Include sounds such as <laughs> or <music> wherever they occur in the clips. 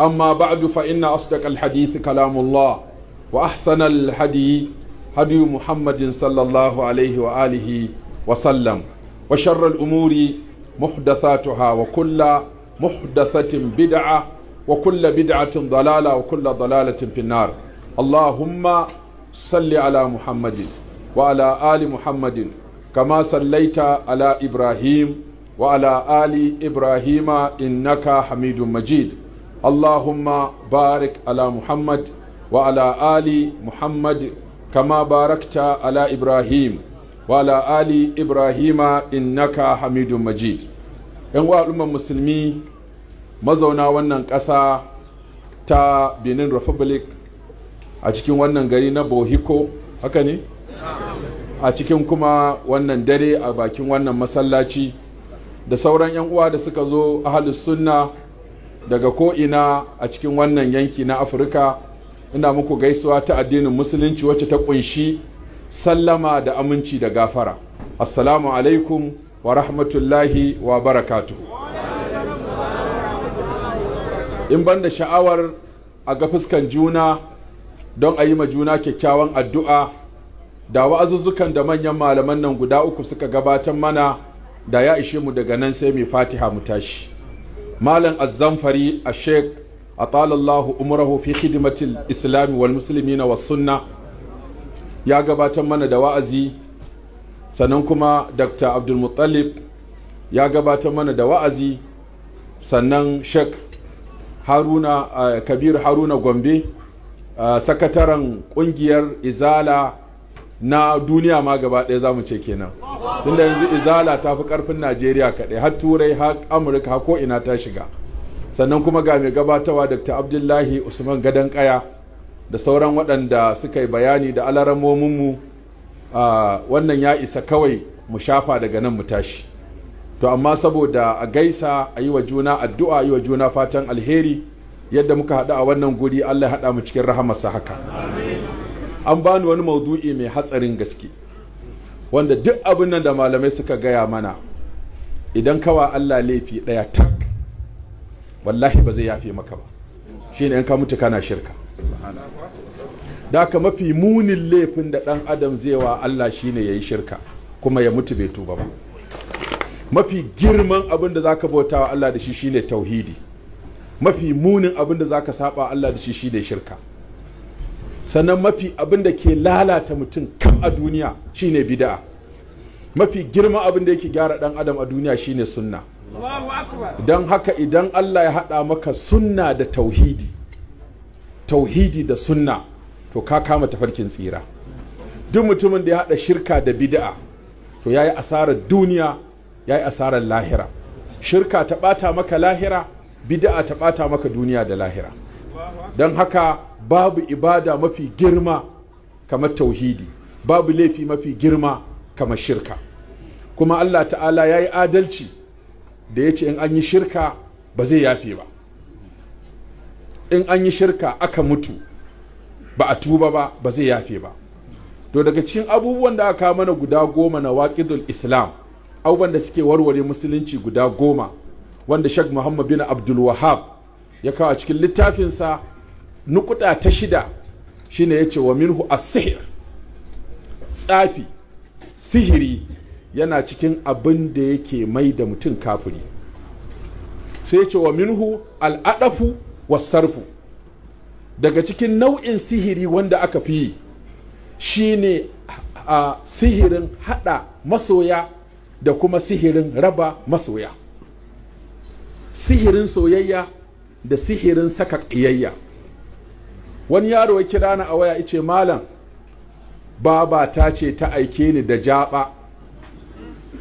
أما بعد فإن أصدق الحديث كلام الله وأحسن الهدي هدي محمد صلى الله عليه وآله وسلم وشر الأمور محدثاتها وكل محدثة بدعة وكل بدعة ضلالة وكل ضلالة في النار اللهم صل على محمد وعلى آل محمد كما صليت على إبراهيم وعلى آل إبراهيم إنك حميد مجيد اللهم بارك على محمد وعلى آل محمد كما باركت على إبراهيم وعلى آل إبراهيم إنك حميد مجيد ‘yan al'umman musulmi mazauna wannan ƙasa ta benin republic a cikin wannan gari na bohiko haka ne a cikin kuma wannan dare a bakin wannan masallaci da sauran ‘yan uwa da suka zo ahalus sunna daga ko'ina a cikin wannan yanki na afirka ina muku gaisuwa ta addinin musulunci wacce ta kunshi sallama da aminci da gafara assalamu alaikum wa rahmatullahi wa barakatu in ban da sha'awar a ga fuskan juna don a yi ma juna kyakkyawan addu'a da wa'azuzzukan da manyan malaman nan guda uku suka gabatar mana da ya ishe mu daga nan sai mai fatiha mu tashi malam azzamfari a sheik atalallahu umrahu fi khidmatil islami wal muslimina was sunna ya gabatar mana da wa'azi sannan kuma dr abdulmuttalib ya gabatar mana da wa'azi sannan sheik haruna eh, kabir haruna gombe eh, sakataren kungiyar izala na duniya ma gaba ɗaya za mu ce kenan tun da yanzu izala ta fi ƙarfin najeriya kaɗai har turai har amurka har ko'ina ta shiga sannan kuma ga mai gabatawa dr abdullahi usman gadon kaya da sauran waɗanda suka yi bayani da alaramominmu wannan ya isa kawai mu shafa daga nan mu tashi to amma saboda a gaisa a yi wa juna addu'a a yi wa juna fatan alheri yadda muka haɗu a wannan guri allah ya haɗa mu cikin rahamarsa haka an bani wani maudu'i mai hatsarin gaske wanda duk abin nan da malamai suka gaya mana idan kawa Allah laifi ɗaya tak wallahi ba zai yafe maka ba shi ne in ka mutu kana shirka da ka mafi munin laifin da ɗan adam zai wa Allah shi ne ya yi shirka kuma ya mutu bai tuba ba mafi girman abin da za ka bauta wa Allah da shi shi ne tauhidi mafi munin abin da za ka saba Allah da shi shi ne shirka sannan mafi abin da ke lalata mutum kan a duniya shine bida'a mafi girma abin da yake gyara dan adam a duniya shine sunna don haka idan Allah ya haɗa maka sunna da tauhidi tauhidi da sunna to ka kama tafarkin tsira duk mutumin da ya haɗa shirka da bida'a to ya yi asarar duniya ya yi asarar lahira shirka ta ɓata maka lahira bida'a ta ɓata maka duniya da lahira don haka babu ibada mafi girma kamar tauhidi babu laifi mafi girma kamar shirka kuma Allah ta'ala ya yi adalci da ya ce in an yi shirka ba zai yafe ba in an yi shirka aka mutu ba a tuba ba ba zai yafe ba to daga cikin abubuwan da aka mana guda goma na waƙidul islam abubuwan da suke warware musulunci guda goma wanda shek muhammad bin abdul wahab ya kawo cikin littafinsa nukuta ta shida shine yace wa minhu as-sihr tsafi sihiri yana cikin abin da yake mai da mutum kafiri sai yace wa minhu al-adafu was-sarfu daga cikin nau'in sihiri wanda aka fi yi shine a sihirin hada masoya da kuma sihirin raba masoya sihirin soyayya da sihirin saka ƙiyayya wani yaro ya kira ni a waya ce malam baba ta ce ta aike ni da jaba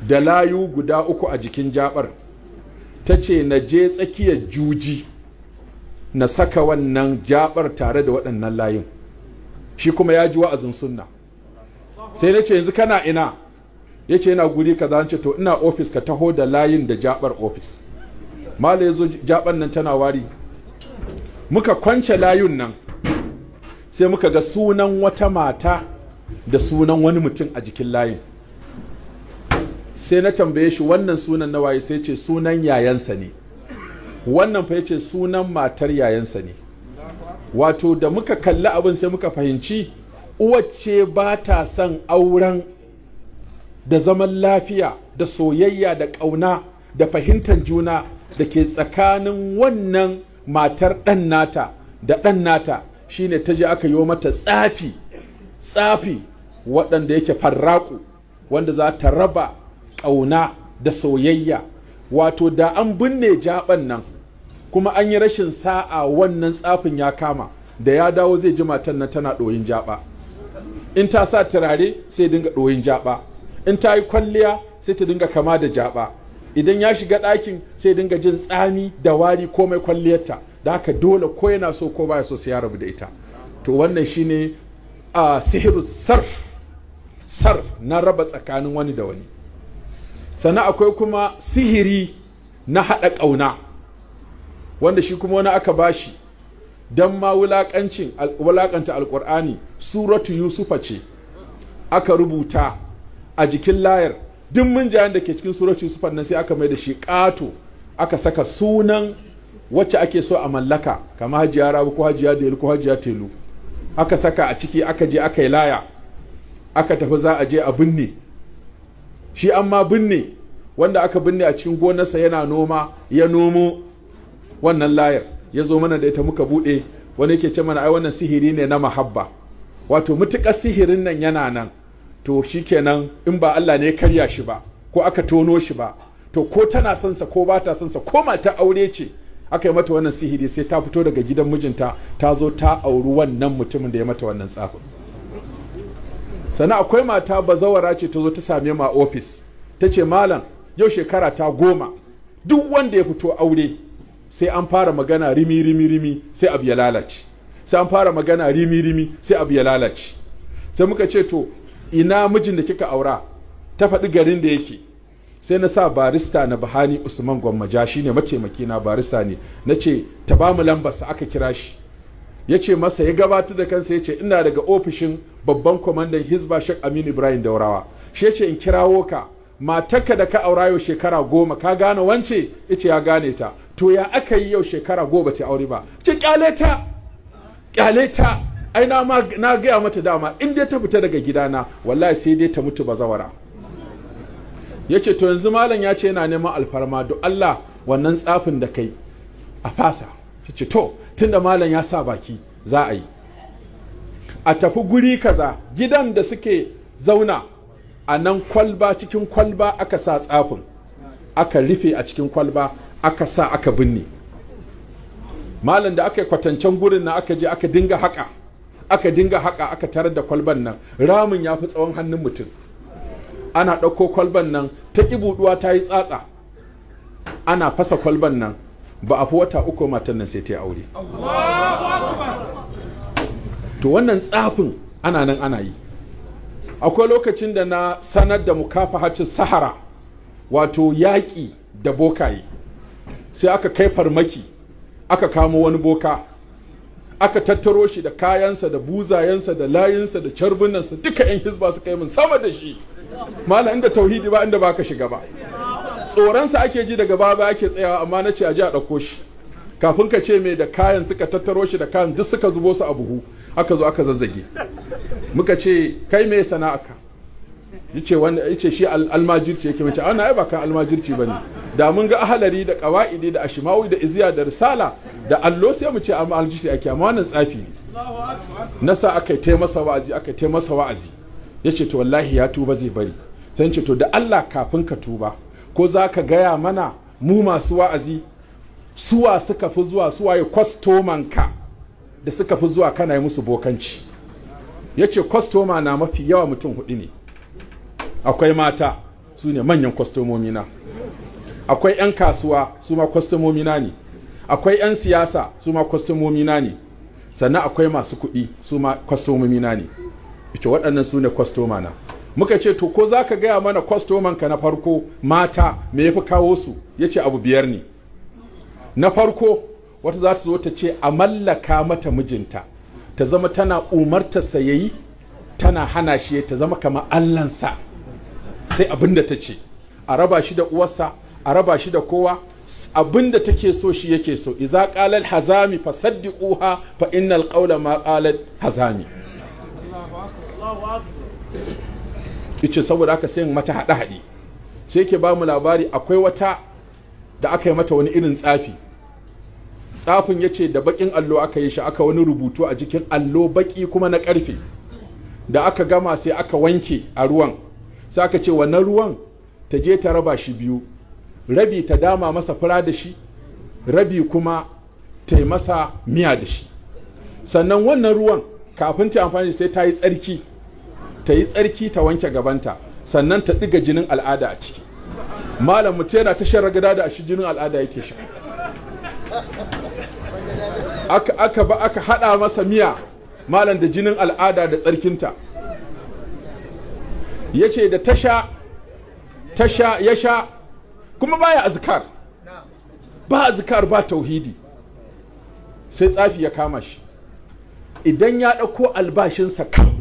da layu guda uku a jikin jabar ta ce na je tsakiyar juji na saka wannan jabar tare da waɗannan layin shi kuma ya ji wa'azin sunna sai na ce yanzu kana ina ya ce yana guri ka ce to ina ofis ka taho da layin da jabar ofis Malam ya zo jabar nan tana wari muka kwance layun nan sai muka ga sunan wata mata da sunan wani mutum a jikin layin sai na tambaye shi wannan sunan na waye sai ce sunan yayansa ne wannan fa yace sunan matar yayansa ne wato da muka kalli abin sai muka fahimci uwace ba ta son auren da zaman lafiya da soyayya da ƙauna da fahimtar juna da ke tsakanin wannan matar ɗan nata da ɗan nata Shi ne ta je aka yi wa mata tsafi tsafi waɗanda yake farraku wanda za ta raba ƙauna da soyayya wato da an binne jaɓan nan kuma an yi rashin sa'a wannan tsafin ya kama da ya dawo zai ji matan nan tana ɗoyin jaɓa in ta sa turare sai dinga ɗoyin jaɓa in ta yi kwalliya sai ta dinga kama da jaɓa idan ya shiga ɗakin sai dinga jin tsami da wari komai kwalliyarta da haka dole ko yana so ko baya so sai ya rabu da ita to wannan shine a sihiru sarf sarf na raba tsakanin wani da wani sannan akwai kuma sihiri na haɗa ƙauna wanda shi kuma wani aka bashi don ma wulaƙanta alƙur'ani suratu yusufa ce aka rubuta a jikin layar duk munjayen da ke cikin surocin sufan nan sai aka mai da shi ƙato aka saka sunan wacce ake so a mallaka kama hajiya rabu ko hajiya delu ko hajiya telu aka saka a ciki aka je aka yi laya aka tafi za a je a binne shi an binne wanda aka binne a cikin gonarsa yana noma ya nomo wannan layar ya zo mana da ita muka buɗe wani yake ce mana ai wannan sihiri ne na mahabba wato mutuƙar sihirin nan yana nan to shikenan in ba Allah ne karya shi ba ko aka tono shi ba to ko tana son sa ko ba ta son sa ko mata aure ce aka yi mata wannan sihiri sai ta fito daga gidan mijinta ta zo ta auri wannan mutumin da ya mata wannan tsafin sannan akwai mata bazawara ce ta zo ta same ma ofis ta ce malam yau shekara ta goma duk wanda ya fito aure sai an fara magana rimi rimi rimi sai abu ya lalace sai an fara magana rimi rimi sai abu ya lalace sai muka ce to ina mijin da kika aura ta faɗi garin da yake sai na sa barista na bahani usman gwammaja ne mataimaki na barista ne na ce ta ba mu sa aka kira shi ya ce masa ya gabatar da kansa ya ce ina daga ofishin babban kwamandan hizba shek aminu ibrahim daurawa shi ya ce in kirawo ka matarka da ka aura yau shekara goma ka gane wance ita ya gane ta to ya aka yi yau shekara goma ta aure ba ce kyale kyale ta ai na ma na gaya mata dama in dai ta fita daga gidana wallahi sai dai ta mutu bazawara yace to yanzu malam ya ce yana neman alfarma do Allah wannan tsafin da kai a fasa ce to tunda malam ya sa baki za a yi a tafi guri kaza gidan da suke zauna a nan kwalba cikin kwalba aka sa tsafin aka rufe a cikin kwalba aka sa aka binne malam da aka yi kwatancen gurin na aka je aka dinga haka aka dinga haƙa aka tarar da kwalban nan ramin ya fi tsawon hannun mutum ana ɗauko kwalban nan ta ƙi buɗuwa ta yi tsatsa ana fasa kwalban nan ba a fi wata uku matan nan sai ta yi aure to wannan tsafin ana nan ana yi akwai lokacin da na sanar da mukafahacin sahara wato yaƙi da bokaye sai aka kai farmaki aka kamo wani boka aka tattaro shi da kayansa da buzayensa da layinsa da carbunansa duka 'yan hisba suka yi mun sama da shi mala inda tauhidi ba inda baka shiga ba tsoronsa ake ji daga baba ake tsayawa amma na ce a ji a ɗauko shi kafin ka ce mai da kayan suka tattaro shi da kayan duk suka zubo su a buhu aka zo aka zazzage muka ce kai me sana'a ka yace wani yace shi almajirci yake mace ana ai ba kan almajirci bane da mun ga ahalari da qawaidi da ashmawi da iziya da risala da allo sai mu ce almajirci ake amma wannan tsafi ne nasa aka tai masa wa'azi aka tai masa wa'azi yace to wallahi ya tuba zai bari sai ce to da Allah kafin ka tuba ko zaka ka gaya mana mu masu wa'azi suwa suka fi zuwa suwaye kwastomanka da suka fi zuwa kana yi musu bokanci yace kwastoma na mafi yawa mutum hudu ne akwai mata su ne manyan kwastomomi na akwai 'yan kasuwa su ma kwastomomi na ne akwai 'yan siyasa su ma kwastomomi na ne sannan akwai masu kuɗi su ma kwastomomi na ne ita waɗannan su ne kwastoma na muka ce to ko za ka gaya mana kwastoman ka na farko mata me ya fi kawo su ya ce abu biyar ne na farko wata za ta zo ta ce a mallaka mata mijinta ta zama tana umarta sayayi tana hana shi ta zama kamar allansa sai abin da ta ce a raba shi da uwarsa a raba shi da kowa abin da take so shi yake so iza qalal hazami fa uha fa innal qawla ma qalat hazami ice saboda aka sayin mata hada haɗe sai yake ba mu labari akwai wata da aka yi mata wani irin tsafi tsafin yace da bakin allo aka yi shi aka wani rubutu a jikin allo baki kuma na karfe da aka gama sai aka wanke a ruwan sai aka ce wannan ruwan ta je ta raba shi biyu rabi ta dama masa fura da shi rabi kuma ta yi masa miya da shi sannan wannan ruwan kafin ta amfani sai ta yi tsarki ta yi tsarki ta wanke gabanta sannan ta ɗiga jinin al'ada a ciki malam mutum yana ta shan ragada da shi jinin al'ada yake sha aka ba aka haɗa masa miya malam da jinin al'ada da tsarkinta ya ce da tasha tasha ya sha kuma baya azkar ba azkar ba tauhidi sai tsafi ya kama shi idan ya ɗauko albashinsa kam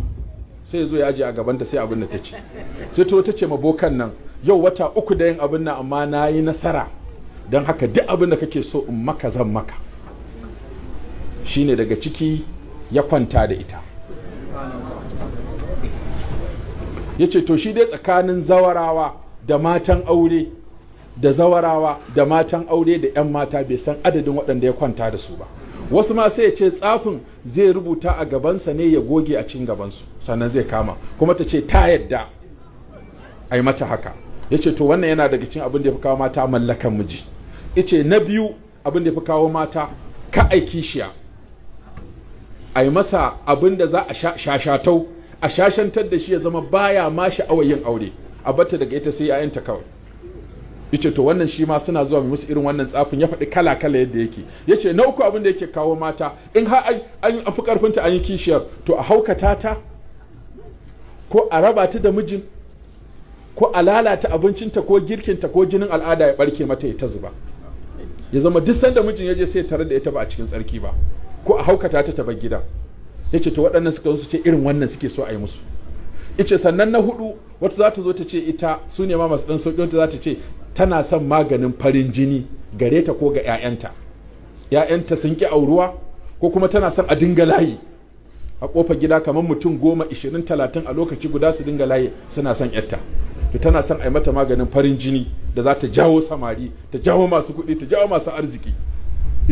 sai ya zo ya aje a gabanta sai abin da ta ce sai to ta ce mabokan nan yau wata uku da yin abin nan amma na yi nasara don haka duk abin da kake so in maka zan maka shine daga ciki ya kwanta da ita ya ce to shi dai tsakanin zawarawa da matan aure da zawarawa da matan aure da 'yan mata bai san adadin waɗanda ya kwanta da su ba wasu ma sai ya ce tsafin zai rubuta a gabansa ne ya goge a cin gabansu sannan zai kama kuma ta ce ta yadda a yi mata haka ya ce to wannan yana daga cin abin da ya fi kawo mata mallakan miji ya ce na biyu abin da ya fi kawo mata ka aiki shiya a yi masa abin da za a shashatau a shashantar da shi ya zama baya ma sha'awar yin aure a bata daga ita sai ya'yanta kawai yace to wannan shi ma suna zuwa musu irin wannan tsafin ya faɗi kala kala yadda yake yace na uku abin da yake kawo mata in har an fi karfinta an yi kishiyar to a haukata ta ko a raba ta da mijin ko a lalata abincinta ko girkinta ko jinin al'ada ya barke mata ya ta zuba ya zama duk sanda mijin ya je sai tare da ita ba a cikin tsarki ba ko a haukata ta ta bar gida yace to waɗannan suka su ce irin wannan suke so a yi musu ce sannan na hudu wata za ta zo ta ce ita su ne ma masu ɗan sauƙi wata za ta ce tana son maganin farin jini gare ta ko ga 'ya'yanta 'ya'yanta sun ƙi auruwa ko kuma tana son a dinga layi a ƙofar gida kamar mutum goma ishirin talatin a lokaci guda su dinga layi suna son yatta to tana son a yi mata maganin farin jini da za ta jawo samari ta jawo masu kuɗi ta jawo masu arziki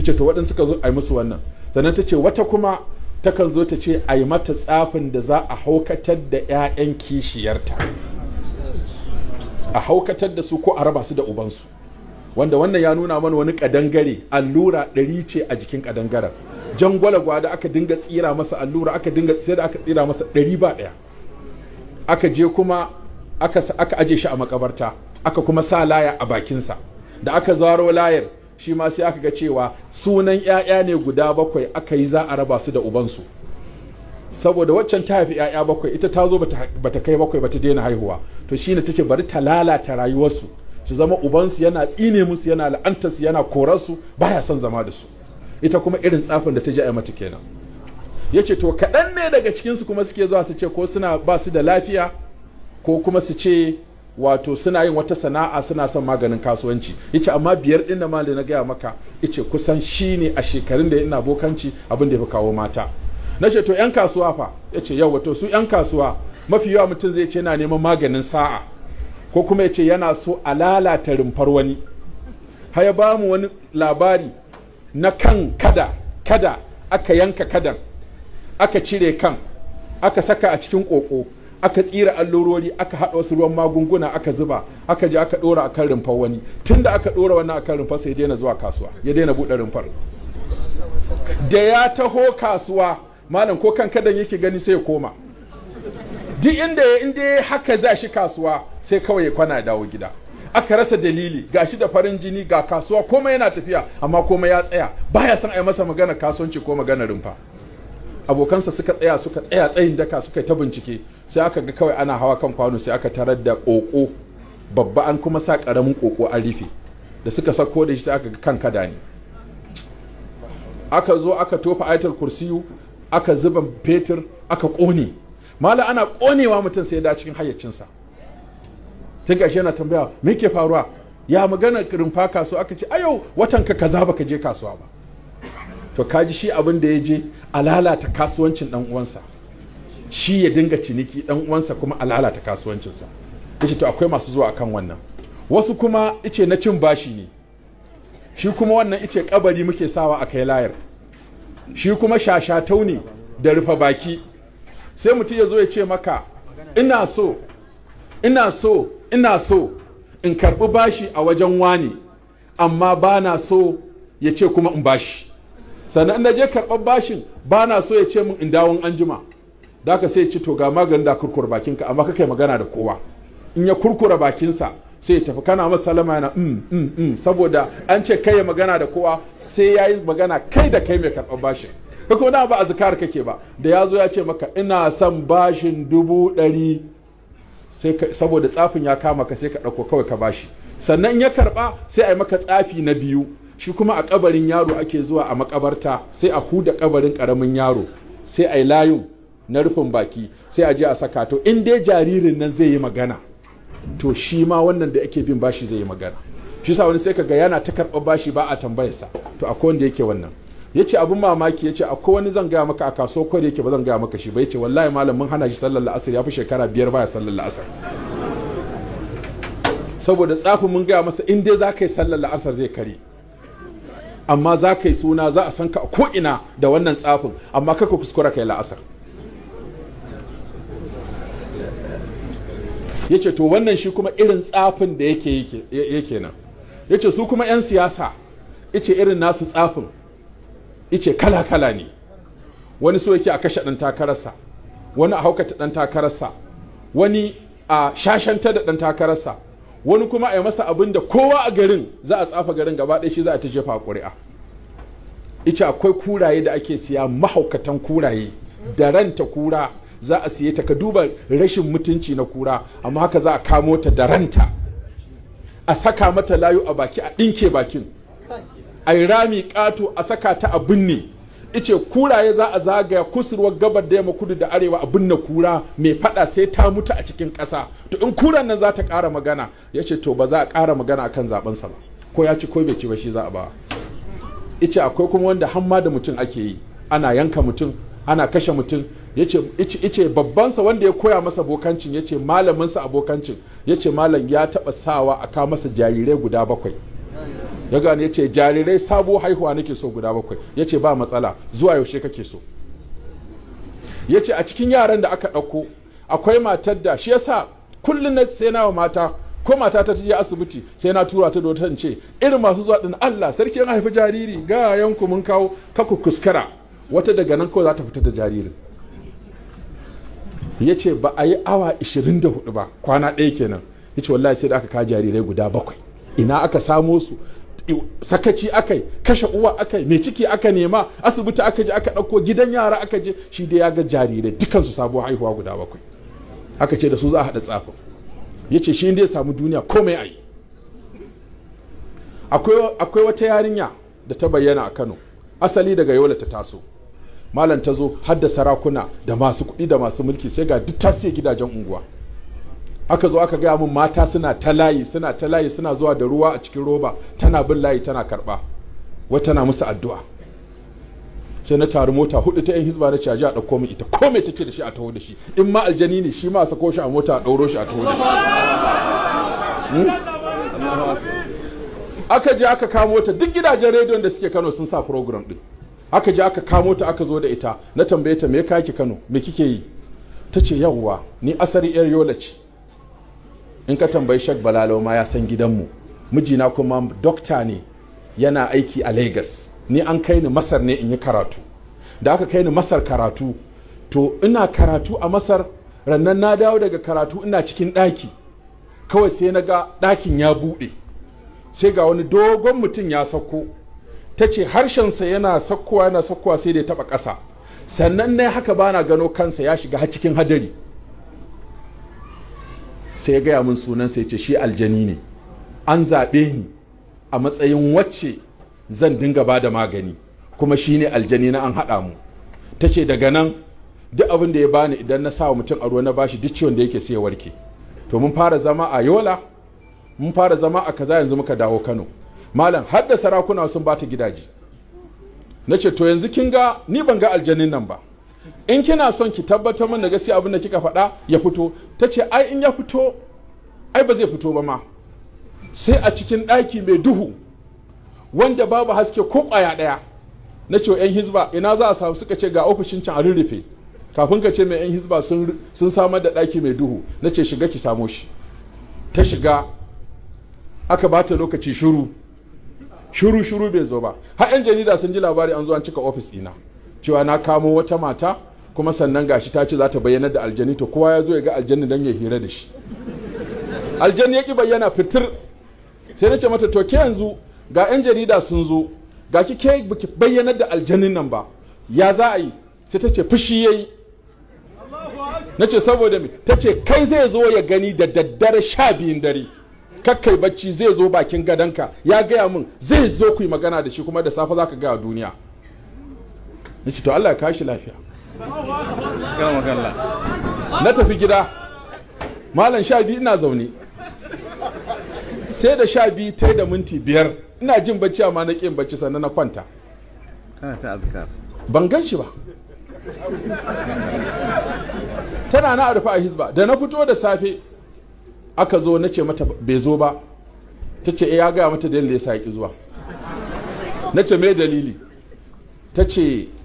ce to waɗansu suka zo a yi musu wannan sannan ta ce wata kuma takan zo ta ce a yi mata tsafin da za a haukatar da 'ya'yan kishiyarta a haukatar da su ko a raba su da ubansu wanda wannan ya nuna mana wani kadangare allura ɗari ce a jikin kadangaren jan gwalagwa da aka dinga tsira masa allura aka dinga tsira da aka tsira masa ɗari ba ɗaya aka je kuma aka aje shi a makabarta aka kuma sa laya a bakinsa da aka zaro layar shi ma sai aka ga cewa sunan 'ya'ya ne guda bakwai aka yi za a raba su da ubansu saboda waccan ta haifi 'ya'ya bakwai ita ta zo bata kai bakwai bata daina haihuwa to shi shine tace bari ta lalata rayuwarsu su zama ubansu yana tsine musu yana la'antarsu yana korarsu baya son zama da su ita kuma irin tsafin da ta ji a mata kenan ya ce to kaɗan ne daga cikinsu kuma suke zuwa su ce ko suna ba su da lafiya ko kuma su ce wato suna yin wata sana'a suna son maganin kasuwanci yace amma biyar din da mali na gaya maka yace kusan shine a shekarun da ina bokanci abin da ya fi kawo mata na ce to yan kasuwa fa yace yau wato su yan kasuwa mafi yawa mutum zai ce yana neman maganin sa'a ko kuma yace yana so a lalata rumfar wani haya ba mu wani labari na kan kada kada aka yanka kadan aka cire kan aka saka a cikin ƙoƙo aka tsira allurori aka haɗa wasu ruwan magunguna aka zuba aka je aka ɗora akan rumfar wani tunda aka ɗora wannan akan rumfar sai ya daina zuwa kasuwa ya daina buɗe rumfar da ya taho kasuwa malam ko kan kadan yake gani sai ya koma duk inda ya inda ya haka za shi kasuwa sai kawai ya kwana dawo gida aka rasa dalili ga shi da farin jini ga kasuwa komai yana tafiya amma komai ya tsaya baya son a yi masa magana kasuwanci ko magana rumfa abokansa suka tsaya suka tsaya tsayin daka suka yi ta bincike sai aka ga kawai ana hawa kan kwano sai aka tarar da ƙoƙo babba an kuma sa ƙaramin ƙoƙo an rufe da suka sako da shi sai aka ga kan kada ne aka zo aka tofa aitar kursiyu aka zuba fetur aka ƙone mala ana ƙonewa mutum sai da cikin hayyacinsa ta gashi yana tambaya me ke faruwa ya magana rumfa kasuwa aka ce ayo yau watan ka kaza baka je kasuwa ba to kaji shi abin da ya je a lalata kasuwancin dan uwansa shi ya dinga ciniki dan uwansa kuma a lalata kasuwancinsa yace to akwai masu zuwa akan wannan wasu kuma ice na cin bashi ne shi kuma wannan ice kabari muke sawa a kai layar shi kuma shasha ne da rufe baki sai mutum ya zo ya ce maka ina so ina so ina so in karɓi bashi a wajen wani amma ba na so ya ce kuma in bashi sannan na je karɓar bashin ba na so ya ce min in dawon anjima da ka sai ci to ga maganin da kurkura bakinka amma kai magana da kowa in ya kurkura bakinsa sai ya tafi kana masa salama yana um um um saboda an ce kai magana da kowa sai ya yi magana kai da kai mai karɓar bashin ka kuma da ba a azkar kake ba da ya zo ya ce maka ina son bashin dubu ɗari saboda tsafin ya kama ka sai ka ɗauko kawai ka bashi sannan ya karɓa sai a yi maka tsafi na biyu shi kuma a kabarin yaro ake zuwa a makabarta sai a huda kabarin karamin yaro sai a yi na rufin baki sai a je a saka to in dai jaririn nan zai yi magana to shi ma wannan da ake bin bashi zai yi magana shi sa wani sai ka gaya yana ta karɓar bashi ba a tambayarsa to akwai wanda yake wannan ya ce abin mamaki ya ce akwai wani zan gaya maka a kaso kwari yake ba zan gaya maka shi ba ya ce wallahi malam mun hana shi sallar la'asar ya fi shekara biyar baya sallar la'asar saboda tsafin mun gaya masa in dai za ka yi sallar la'asar zai kare amma za ka yi suna za a san ka a ko'ina da wannan tsafin amma kaka kuskura ka yi la'asar ya ce to wannan shi kuma irin tsafin da yake nan ya ce su kuma 'yan siyasa ice irin nasu tsafin ice kala-kala ne wani so yake a kashe ɗan takararsa wani a haukata ɗan takararsa wani a shashanta da ɗan takararsa wani kuma a yi masa abin da kowa a garin za a tsafa garin gaba ɗaya shi za a ta jefa ƙuri'a ita akwai kuraye da ake siya mahaukatan kuraye da ranta kura za a siye ta ka duba rashin mutunci na kura amma haka za a kamo ta da ranta a saka mata layu a baki a ɗinke bakin a yi rami ƙato a saka ta a binne ice kuraye za a zagaya kusurwar gabar da yamma kudu da arewa a binne kura mai fada sai ta mutu a cikin ƙasa to in kuran nan za ta ƙara magana ya ce to ba za a kara magana akan zaɓensa ba ko ya ci ko bai ci ba shi za a ba ice akwai kuma wanda hamma da mutum ake yi ana yanka mutum ana kashe mutum yace sa wanda ya koya masa bokancin yace malaminsa abokancin yace malam ya taba sawa a kawo masa jarirai guda bakwai ya gane ya ce jarirai sabo haihuwa nake so guda bakwai ya ce ba matsala zuwa yaushe kake so ya ce a cikin yaran da aka ɗauko akwai matar da shi yasa kullum na sai na wa mata ko mata ta je asibiti sai na tura ta dotan ce irin masu zuwa ɗin Allah sarki an haifi jariri ga yanku mun kawo ka ku kuskara wata daga nan kawai za ta fita da jaririn ya ce ba a yi awa 24 ba kwana ɗaya kenan ya ce wallahi sai da aka kawo jarirai guda bakwai ina aka samo su sakaci aka yi kashe uwa aka yi mai ciki aka nema asibiti aka je aka ɗauko gidan yara aka je shi dai ya ga jarirai dukansu sabuwar haihuwa guda bakwai aka ce da su za a haɗa tsafin ya ce shi dai samu duniya komai a yi akwai wata yarinya da ta bayyana a kano asali daga yola ta taso malam ta zo har da sarakuna da masu kuɗi da masu mulki sai ga duk tasiyar gidajen unguwa aka zo aka gaya mun mata suna ta layi suna ta layi suna zuwa da ruwa a cikin roba tana bin layi tana karba wata na musu addu'a sai na taru mota hudu ta yan hizba na caji a ɗauko min ita ko me take da shi a taho da shi in ma aljani ne shi ma a sako shi a mota a ɗauro shi a taho da shi hmm? aka je aka kamo ta duk gidajen rediyon da suke Kano sun sa program din aka je aka kamo ta aka zo da ita na tambaye ta me kake Kano me kike yi tace ce yawwa ni asari yar yola ce in ka tambayi shek balalo ma ya san gidanmu mijina kuma dokta ne yana aiki a lagos ni an kai ni masar ne in yi karatu da aka kai ni masar karatu to ina karatu a masar rannan na dawo daga karatu ina cikin ɗaki kawai sai na ga ɗakin ya buɗe sai ga wani dogon mutum ya sauko ta ce harshensa yana sakkowa yana sakkowa sai da ya taɓa ƙasa sannan na haka bana gano kansa ya shiga cikin hadari sai ya gaya min sunan sai ce shi aljani ne an zaɓe ni a matsayin wacce zan dinga ba da magani kuma shi ne aljani na an haɗa mu ta ce daga nan duk abin da ya bani idan na sawa mutum a ruwa na bashi duk ciwon da yake sai ya warke to mun fara zama a yola mun fara zama a kaza yanzu muka dawo kano malam har da sarakuna sun bata gidaje na ce to yanzu kin ga ni ban ga aljanin nan ba in kina son ki tabbatar min da gaskiya abin da kika faɗa ya fito ta ce ai in ya fito ai ba zai fito ba ma sai a cikin ɗaki mai duhu wanda babu haske ko ƙwaya ɗaya na ce yan hizba ina za a samu suka ce ga ofishin can a rurrufe kafin ka ce mai yan hizba sun samar da ɗaki mai duhu na ce shiga ki samo shi ta shiga aka bata lokaci shuru shuru shuru bai zo ba har yan jarida sun ji labari an zo an cika ofis ɗina cewa na kamo wata mata kuma sannan gashi ta ce za ta bayyana da aljani to kowa ya zo ya ga aljani don ya hira da shi aljani ya ki bayyana fitir sai na ce mata to ke yanzu ga yan jarida sun zo ga ki ke baki bayyana da aljanin nan ba ya za a yi sai ta ce fushi ya yi, na ce saboda me ta ce kai zai zo ya gani da daddare sha biyun dare kakkai bacci zai zo bakin gadonka ya gaya min zai zo ku yi magana da shi kuma da safe za ka gaya duniya na ce to Allah ya kashi lafiya na tafi gida malam sha biyu ina zaune sai da sha biyu ta da minti biyar ina jin bacci amma na ƙin bacci sannan na kwanta ban gan shi ba tana na arfa a hisba da na fito da safe aka zo na ce mata bai zo ba ta ce eh, ya gaya mata da yadda ya sa zuwa na ce mai dalili ta ce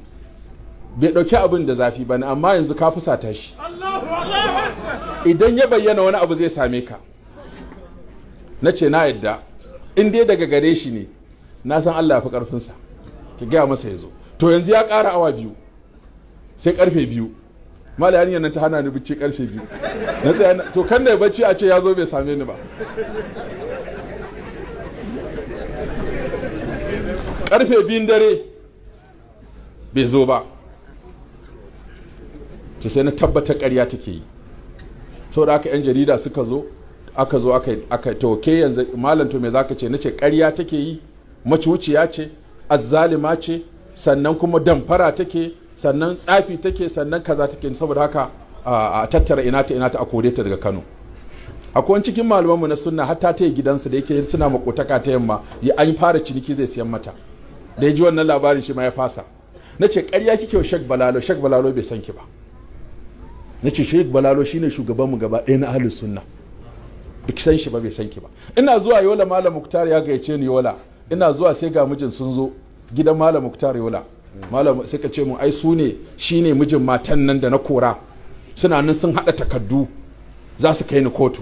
bai ɗauki abin da zafi ba amma yanzu ka fusata shi idan ya bayyana wani abu zai same ka na ce na yadda in dai daga gare shi ne na san Allah ya fi ƙarfinsa ki gaya masa ya zo to yanzu ya ƙara awa biyu sai ƙarfe biyu mala yarinyar ta hana ni bacci ƙarfe biyu na tsaya to kan da bacci a ce ya zo bai same ni ba karfe biyun dare bai zo ba ta sai na tabbatar ƙarya take yi saboda aka yan jarida suka zo aka zo aka to ke yanzu malam to me zaka ce nace ƙarya take yi macuciya ce azzalima ce sannan kuma damfara take sannan tsafi take sannan kaza take saboda haka a tattara ina ta ina ta a kore ta daga Kano akwai cikin malamanmu na sunna hatta ta yi gidansa da yake suna makotaka ta yamma ya an fara ciniki zai siyan mata da ya ji wannan labarin shi ma ya fasa na ce ƙarya kike wa shek balalo shek balalo bai san ki ba na ce sheik balalo shine shugaban mu gaba ɗaya na ahalin sunna biki san shi ba bai san ki ba ina zuwa yola malam muktar ya gayyace ni yola ina zuwa sai ga mijin sun zo gidan malam muktar yola malam sai ka ce mun ai su ne shine mijin matan nan da na kora suna nan sun hada takaddu za su kai ni kotu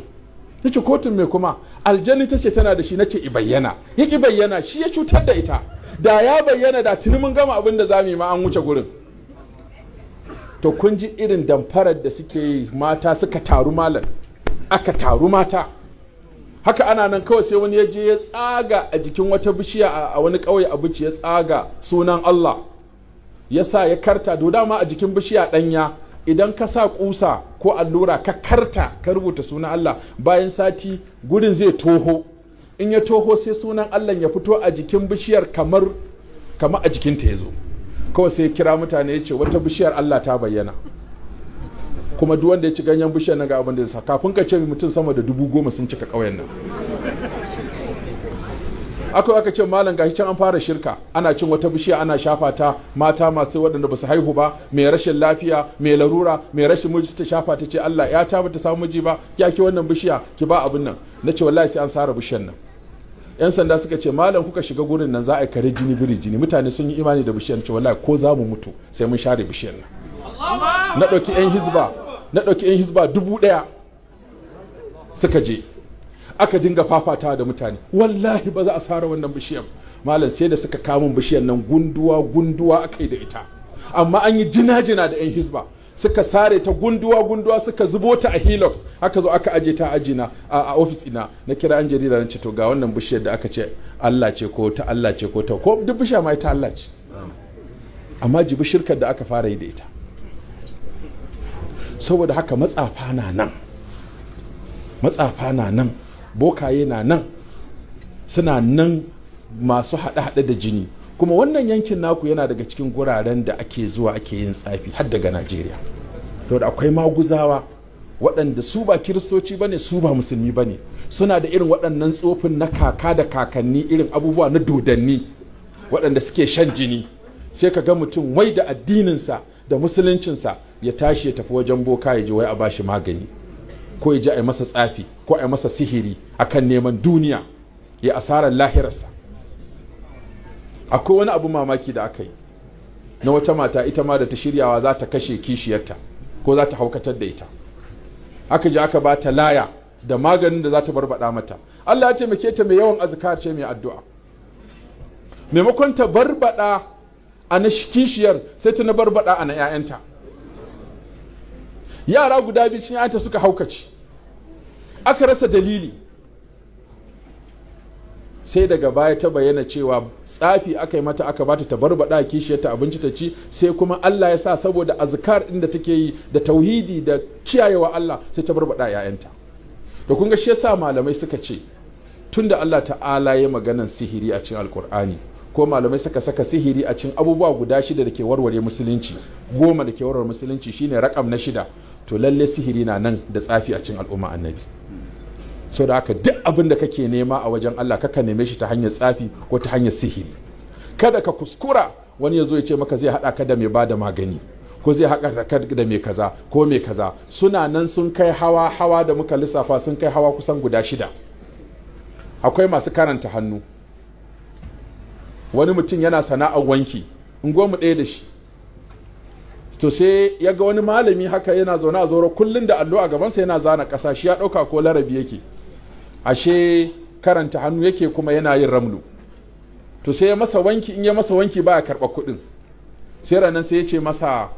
na ce kotun me kuma aljani ta ce tana da shi na ce i bayyana ya ki bayyana shi ya cutar da ita da ya bayyana da tuni mun gama abin da zamu mu yi ma an wuce gurin to kun ji irin damfarar da suke yi mata suka taru malam aka taru mata haka ana nan kawai sai wani ya je ya tsaga a jikin wata bishiya a wani ƙauye abuci ya tsaga sunan Allah ya sa ya karta do dama a jikin bishiya ɗanya idan ka sa ƙusa ko allura ka karta ka rubuta sunan Allah bayan sati gudun zai toho in ya toho sai sunan Allah ya fito a jikin bishiyar kamar kamar a jikinta ya zo kawai sai kira mutane ya ce wata bishiyar Allah ta bayyana kuma duk wanda ya ci ganyen bishiyar na ga abin da ya kafin ka ce mutum sama da dubu goma sun cika ƙauyen nan akwai aka ce malam gashi can an fara shirka ana cin wata bishiya ana shafa ta mata masu waɗanda ba su haihu ba mai rashin lafiya mai larura mai rashin miji ta shafa ta ce Allah ya ta bata samu miji ba ya ki wannan bishiya ki ba abin nan na ce wallahi sai an sara bishiyar nan yan sanda suka ce malam kuka shiga gurin nan za a kare jini biri jini mutane sun yi imani da bishiyar ce ko za mu mutu sai mun share bishiyar nan na ɗauki yan hizba na ɗauki yan hizba dubu ɗaya suka je aka dinga fafata da mutane wallahi ba za a sare wannan bishiyar malam sai da suka kamun bishiyar nan gunduwa gunduwa aka yi da ita amma an yi jina-jina da yan hizba suka sare ta gunduwa gunduwa suka zubo ta a helix aka zo aka aje ta ajina a ofis ina na kira an jarida na ce to ga wannan bishiyar da aka ce Allah ce ko ta Allah ce ko ta ko duk bishiya ma ita Allah ce amma jibi shirkar da aka fara yi da ita saboda haka matsafa na nan matsafa na nan bokaye na nan suna nan masu haɗe-haɗe da jini kuma wannan yankin naku yana daga cikin guraren da ake zuwa ake yin tsafi har daga najeriya to da akwai maguzawa waɗanda su ba kiristoci bane su ba musulmi bane suna da irin waɗannan tsofin na kaka da kakanni irin abubuwa na dodanni waɗanda suke shan jini sai ka ga mutum wai da addininsa da musuluncinsa ya tashi ya tafi wajen boka ya ji wai a bashi magani ko ya ji a masa tsafi ko a masa sihiri akan neman duniya ya asarar lahirarsa akwai wani abu mamaki da aka yi na wata mata ita ma da ta shiryawa za ta kashe kishiyarta ko za ta haukatar da ita aka je aka ba ta laya da maganin da za ta barbada mata Allah ya taimake ta mai yawan azkar ce mai addu'a maimakon ta barbada a na kishiyar sai ta na barbada a na 'ya'yanta yara guda biyu cikin 'ya'yanta suka haukace aka rasa dalili sai daga baya ta bayyana cewa tsafi aka yi mata aka bata ta barbada kishiyar ta abinci ta ci sai kuma Allah ya sa saboda azkar din da take yi da tauhidi da kiyayewa Allah sai ta yayan yayanta da kun ga shi yasa malamai suka ce tunda Allah ta'ala ya maganan sihiri a cikin alkur'ani ko malamai suka saka sihiri a cikin abubuwa guda shida da ke warware musulunci goma da ke warware musulunci shine rakam na shida to lalle sihiri na nan da tsafi a cikin al'umma annabi so da haka duk abin da kake nema a wajen Allah kaka neme shi ta hanyar tsafi ko ta hanyar sihiri kada ka kuskura wani ya zo ya ce maka zai haɗa ka da mai bada magani ko zai haɗa ka da mai kaza ko mai kaza suna nan sun kai hawa hawa da muka lissafa sun kai hawa kusan guda shida akwai masu karanta hannu wani mutum yana sana'ar wanki in mu ɗaya da shi to sai ya ga wani malami haka yana zaune a zauro kullum da allo a gabansa yana zana ƙasa shi ya ɗauka ko larabi yake ashe karanta hannu yake kuma yana yin ramlu to sai ya masa wanki in ya masa wanki baya karɓa kuɗin sai ranar sai ya ce masa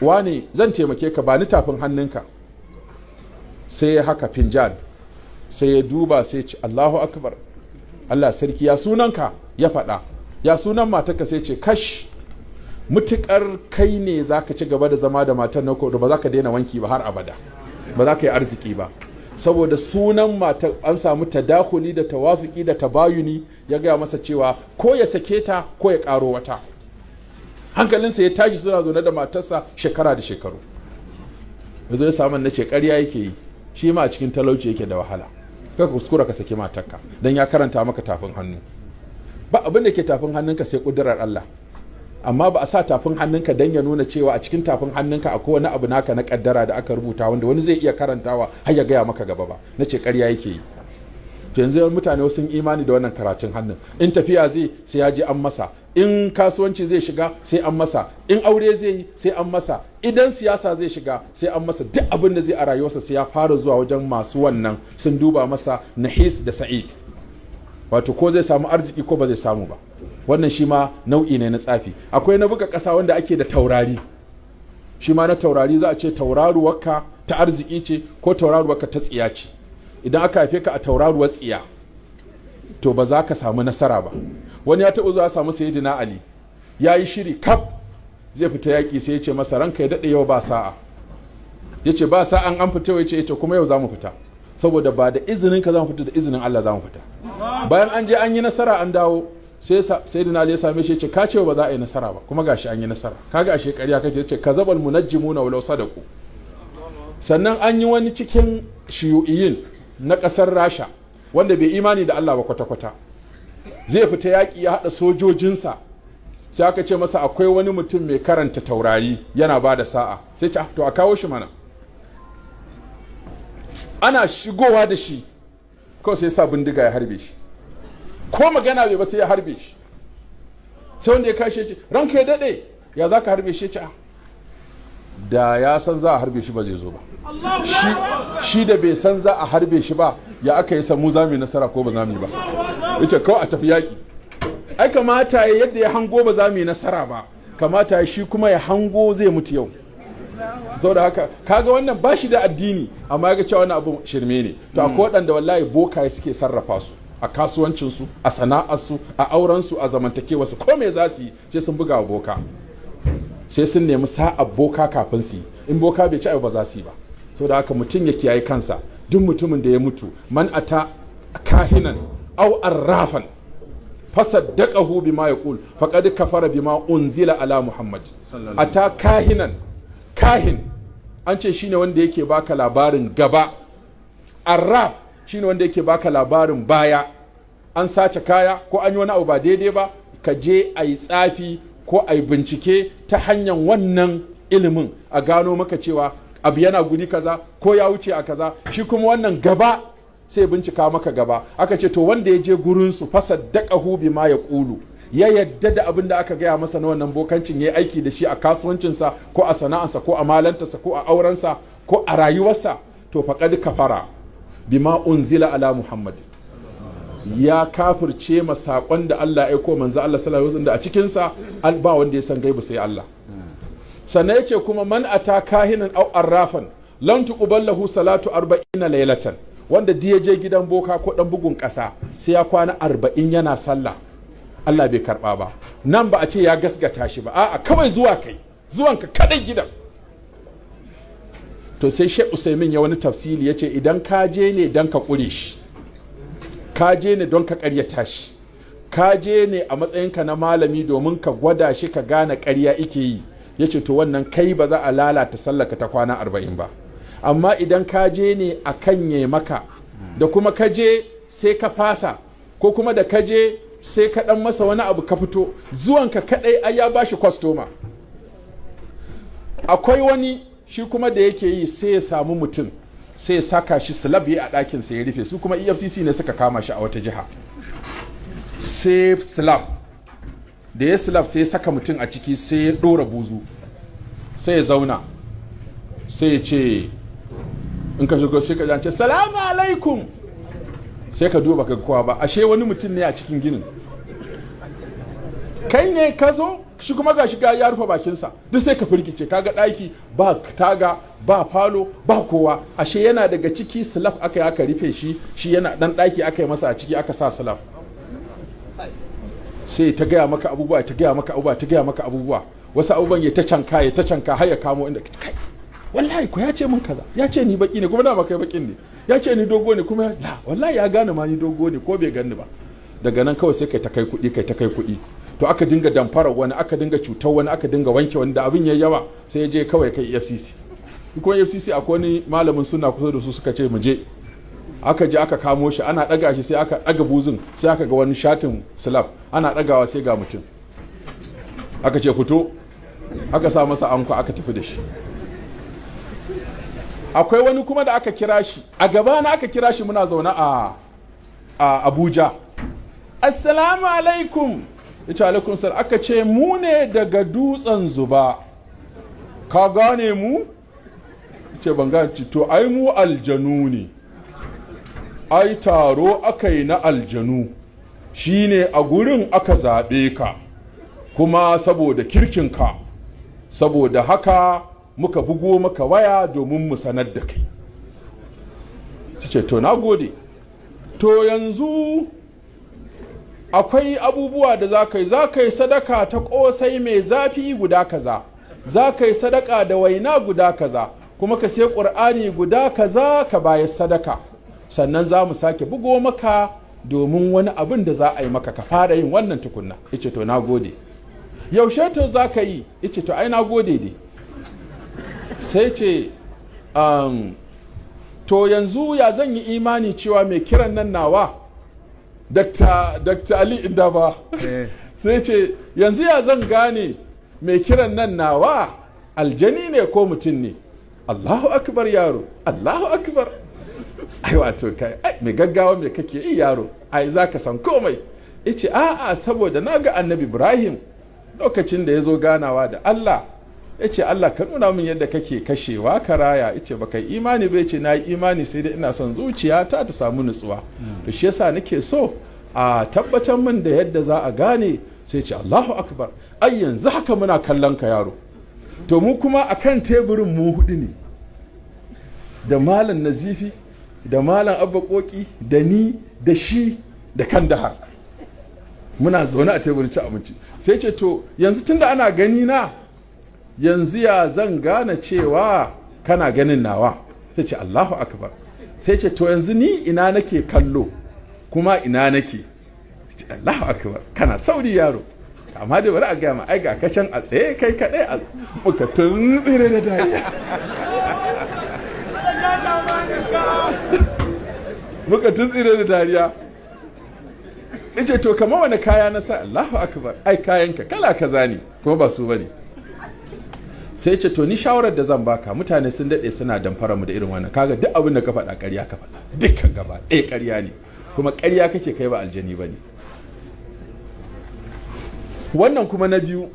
wani zan taimake ka ba ni tafin hannunka sai ya haka finjan sai ya duba sai ce allahu akbar allah sarki ya sunanka ya faɗa ya sunan matarka sai ce kash mutukar kai ne za ka ci gaba da zama da matar na da ba za ka daina wanki ba har abada ba za ka yi arziki ba saboda sunan mata an samu tadakuli da tawafiki da ta tabayuni ya gaya masa cewa ko ya sake ta ko ya karo wata hankalinsa ya tashi suna zaune da matarsa shekara da shekaru yanzu ya samu na ce ƙarya yake yi shi ma a cikin talauci yake da wahala ka kuskura ka sake matarka don ya karanta maka tafin hannu ba abin da ke tafin hannunka sai ƙudurar Allah amma ba a sa tafin hannunka don ya nuna cewa a cikin tafin hannunka a wani abu naka na kaddara da aka rubuta wanda wani zai iya karantawa har ya gaya maka gaba ba na ce karya yake yi yanzu mutane sun imani da wannan karatun hannun in tafiya zai sai ya ji an masa in kasuwanci zai shiga sai an masa in aure zai yi sai an masa idan siyasa zai shiga sai an masa duk abin da zai a rayuwarsa sai ya fara zuwa wajen masu wannan sun duba masa nahis da sa'id wato ko zai samu arziki ko ba zai samu ba wannan shi ma nau'i ne na tsafi akwai na buga ƙasa wanda ake da taurari shi ma na taurari za a ce tauraruwarka ta arziki ce ko tauraruwarka ta tsiya ce idan aka haife ka a tauraruwar tsiya to ba za ka samu nasara ba wani ya taɓa zuwa samu sayyidina ali ya yi shiri kaf zai fita yaƙi sai ya ce masa ranka ya daɗe yau ba sa'a ya ce ba sa'a an fita ya ce ita eh, kuma yau za mu fita saboda ba da izinin ka za mu fita da izinin Allah za mu fita bayan an je an yi nasara an dawo sai sai ali ya same shi ce ka ce ba za a yi nasara ba kuma gashi an yi nasara kaga ashe ƙarya kake ce na munajjimuna walau sadaqu sannan an yi wani cikin shiyu'iyin na ƙasar rasha wanda bai imani da allah ba kwata-kwata zai fita yaƙi ya haɗa sojojinsa sai aka ce masa akwai wani mutum mai karanta taurari yana ba da sa'a sai ce ah, to a kawo shi mana ana shigowa da shi kawai sai sa bindiga ya harbe shi ko magana bai ba sai ya harbe shi sai wanda ya kashe shi. ranka ya daɗe ya za ka harbe shi ce ah. da ya san za a harbe shi ba zai zo ba shi da bai san za a harbe shi ba ya aka yi samu za mu nasara ko ba za mu ba ya ce kawai a tafi yaƙi ai kamata ya yadda ya hango ba za mu yi nasara ba kamata ya shi kuma ya hango zai mutu yau saboda haka kaga wannan ba shi da addini amma ya ga cewa wannan abu shirme ne to akwai waɗanda wallahi bokaye suke sarrafa su a kasuwancinsu a sana'arsu a aurensu a zamantakewarsu ko me za su yi sai sun buga a boka sai sun nemi sa'a boka kafin su yi in boka bai ci abu ba za su yi ba to da haka mutum ya kiyaye kansa duk mutumin da ya mutu man ta kahinan au arrafan fasaddaqahu bima yaqul faqad kafara bima unzila ala muhammad ata kahinan kahin an ce shine wanda yake baka labarin gaba arraf shine wanda yake baka labarin baya an sace kaya ko an yi wani abu ba daidai ba ka je a yi tsafi ko a yi bincike ta hanyar wannan ilimin a gano maka cewa abu yana guni kaza ko ya wuce a kaza shi kuma wannan gaba sai bincika maka gaba aka ce to wanda ya je gurinsu fasa daƙa hubi ma ya ƙulu ya yadda da abin da aka gaya masa na wannan bokancin ya aiki da shi a kasuwancinsa ko a sana'arsa ko a malantarsa ko a aurensa ko a rayuwarsa to faƙad kafara bima unzila ala muhammad ya kafirce ma saƙon da Allah ya aiko manzo Allah sallallahu alaihi wasallam a cikin sa ba wanda ya san gaibu sai Allah sannan yace kuma man ata kahinan aw arrafan lam tuqballahu salatu 40 laylatan wanda da je gidan boka ko dan bugun ƙasa sai ya kwana 40 yana sallah Allah bai karba ba nan ba a ce ya gasgata shi ba a'a kawai zuwa kai Zuwan ka kadai gidan to sai Sheikh Usaimin ya wani tafsiri yace idan ka je ne dan ka kure shi ka je ne don ka karyata shi ka je ne a matsayinka na malami domin ka gwada shi ka gane karya ike yi ya ce to wannan kai ba za a lalata sallaka ta kwana arba'in ba amma idan ka je ne a kan maka da kuma ka je sai ka fasa ko kuma da ka je sai ka dan masa wani abu ka fito zuwanka kadai ai ya bashi kwastoma akwai wani shi kuma da yake yi sai ya samu mutum sai ya saka shi slab ya a ɗakin sa ya rufe su kuma efcc ne suka kama shi a wata jiha sai slab da ya slab sai ya saka mutum a ciki sai ya ɗora buzu sai ya zauna sai ya ce in ka shigo sai ka jance salamu alaikum sai ka duba ka kowa ba ashe wani mutum ne a cikin ginin kai ne ka zo shi kuma ga shiga ya rufe bakinsa duk sai ka firgice kaga ɗaki ba taga ba falo ba kowa ashe yana daga ciki slab aka yi aka rufe shi shi yana dan daki aka yi masa a ciki aka sa slab sai ta gaya maka abubuwa ta gaya maka abubuwa ta gaya maka abubuwa wasu abubuwan ya ta canka ya ta canka har ya kamo inda kai wallahi ko ya ce min kaza ya ce ni baki ne kuma ba kai baki ne ya ce ni dogo ne kuma la wallahi ya gane ma ni dogo ne ko bai gani ba daga nan kawai sai kai ta kai kuɗi kai ta kai kuɗi to aka dinga damfara wani aka dinga cutar wani aka dinga wanke wani da abin ya yawa sai ya je kawai kai EFCC kuma fcc akwai wani malamin suna kusa da su suka ce mu je aka je aka kamo shi ana ɗaga shi sai aka ɗaga buzin sai aka ga wani shatin slab ana ɗagawa sai ga mutum aka ce fito aka sa masa anko aka tafi da shi akwai wani kuma da aka kira shi a gaba na aka kira shi muna zaune a abuja assalamu alaikum ce alaikum sir aka ce mu ne daga dutsen zuba ka gane mu ce ban ganci to ai mu aljanu ne ai taro aka yi na aljanu shine a gurin aka zaɓe ka kuma saboda kirkinka saboda haka muka bugo maka waya domin mu sanar da kai su ce to na gode to yanzu akwai abubuwa da za ka yi za ka yi sadaka ta ƙosai mai zafi guda kaza za ka yi sadaka da waina guda kaza kuma ka sai ƙur'ani guda kaza ka bayar sadaka sannan za mu sake bugo maka domin wani abin da za a yi maka ka fara yin wannan tukunna ice to na gode yaushe to za ka yi ice to ai na gode dai sai ce um, to yanzu ya zan yi imani cewa mai kiran nan nawa dr ali inda ba eh. <laughs> sai ce yanzu ya zan gane mai kiran nan nawa aljani ne ko mutum ne Allahu akbar yaro Allahu akbar ai wato kai ai mai gaggawa me kake yi yaro ai ka san komai a a'a saboda na ga annabi Ibrahim lokacin da ya zo ganawa da Allah ya ce Allah ka nuna min yadda kake kashewa ka raya ya ce baka imani bai ce na yi imani sai dai ina son zuciya ta ta samu nutsuwa to shi yasa nake so a tabbatar min da yadda za a gane sai ce Allahu akbar ai yanzu haka muna kallon ka yaro to mu kuma a kan teburin mu hudu ne da malam nazifi da malam abba koki da ni da shi da kan dahar muna zaune a teburin ci abinci sai ce to yanzu tunda ana gani na yanzu ya zan gane cewa kana ganin nawa sai ce allahu akbar sai ce to yanzu ni ina nake kallo kuma ina nake Sai ce allahu akbar kana sauri yaro amma da bari a gaya ma ai ga kashan a tsaye kai kaɗai a muka tunzire da dariya muka tunzire da dariya ce to kamar wani kaya na sa Allahu akbar ai kayanka kala kaza ne kuma ba su bane sai ce to ni shawarar da zan baka mutane sun dade suna damfara mu da irin wannan kaga duk abin da ka faɗa ƙarya ka faɗa dukkan gaba ɗaya ƙarya ne kuma ƙarya kake kai ba aljani bane wannan kuma na biyu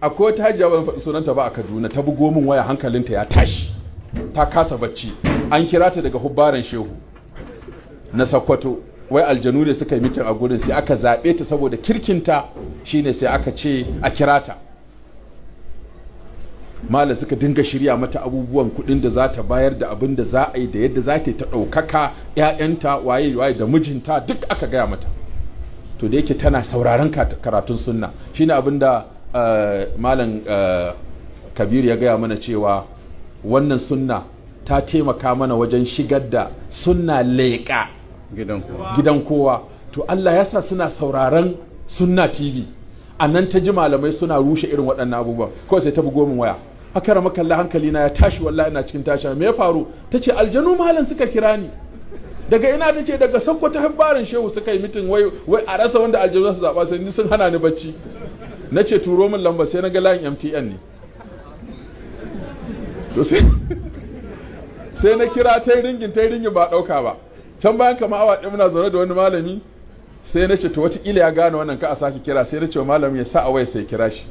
akwai wata hajiya wani faɗi sunanta ba a kaduna ta bugo min waya hankalinta ya tashi ta kasa bacci an kira ta daga hubbaran shehu na sakkwato wai aljanu ne suka yi mitin a gurin sai aka zaɓe ta saboda kirkinta shine sai aka ce a kira ta mala suka dinga shirya mata abubuwan kuɗin da za ta bayar da abin da za a yi da yadda za ta yi ta ɗaukaka 'ya'yanta waye waye da mijinta duk aka gaya mata to da yake tana sauraron karatun sunna shine abin da eh, malam eh, kabir ya gaya mana cewa wannan sunna ta taimaka mana wajen shigar da sunna leƙa gidan kowa to allah ya sa suna sauraron sunna tv a nan ta ji malamai suna rushe irin waɗannan abubuwan kawai sai ta bugo min waya haka ramakalla hankali na ya tashi wallahi ina cikin tashi me ya faru ta ce aljanu malam suka kira ni daga ina ta ce daga Sanko ta barin shehu suka yi mitin wai wai a rasa wanda aljanu su zaba sai ni sun hana ni bacci na ce turo min lamba sai na ga layin mtn ne <laughs> sai na kira ta ringin ta ringin ba ɗauka ba can bayan kama awa ɗaya muna zaune da wani malami sai na ce to ƙila ya gane wannan ka a sake kira sai na ce malam ya sa a waya sai kira shi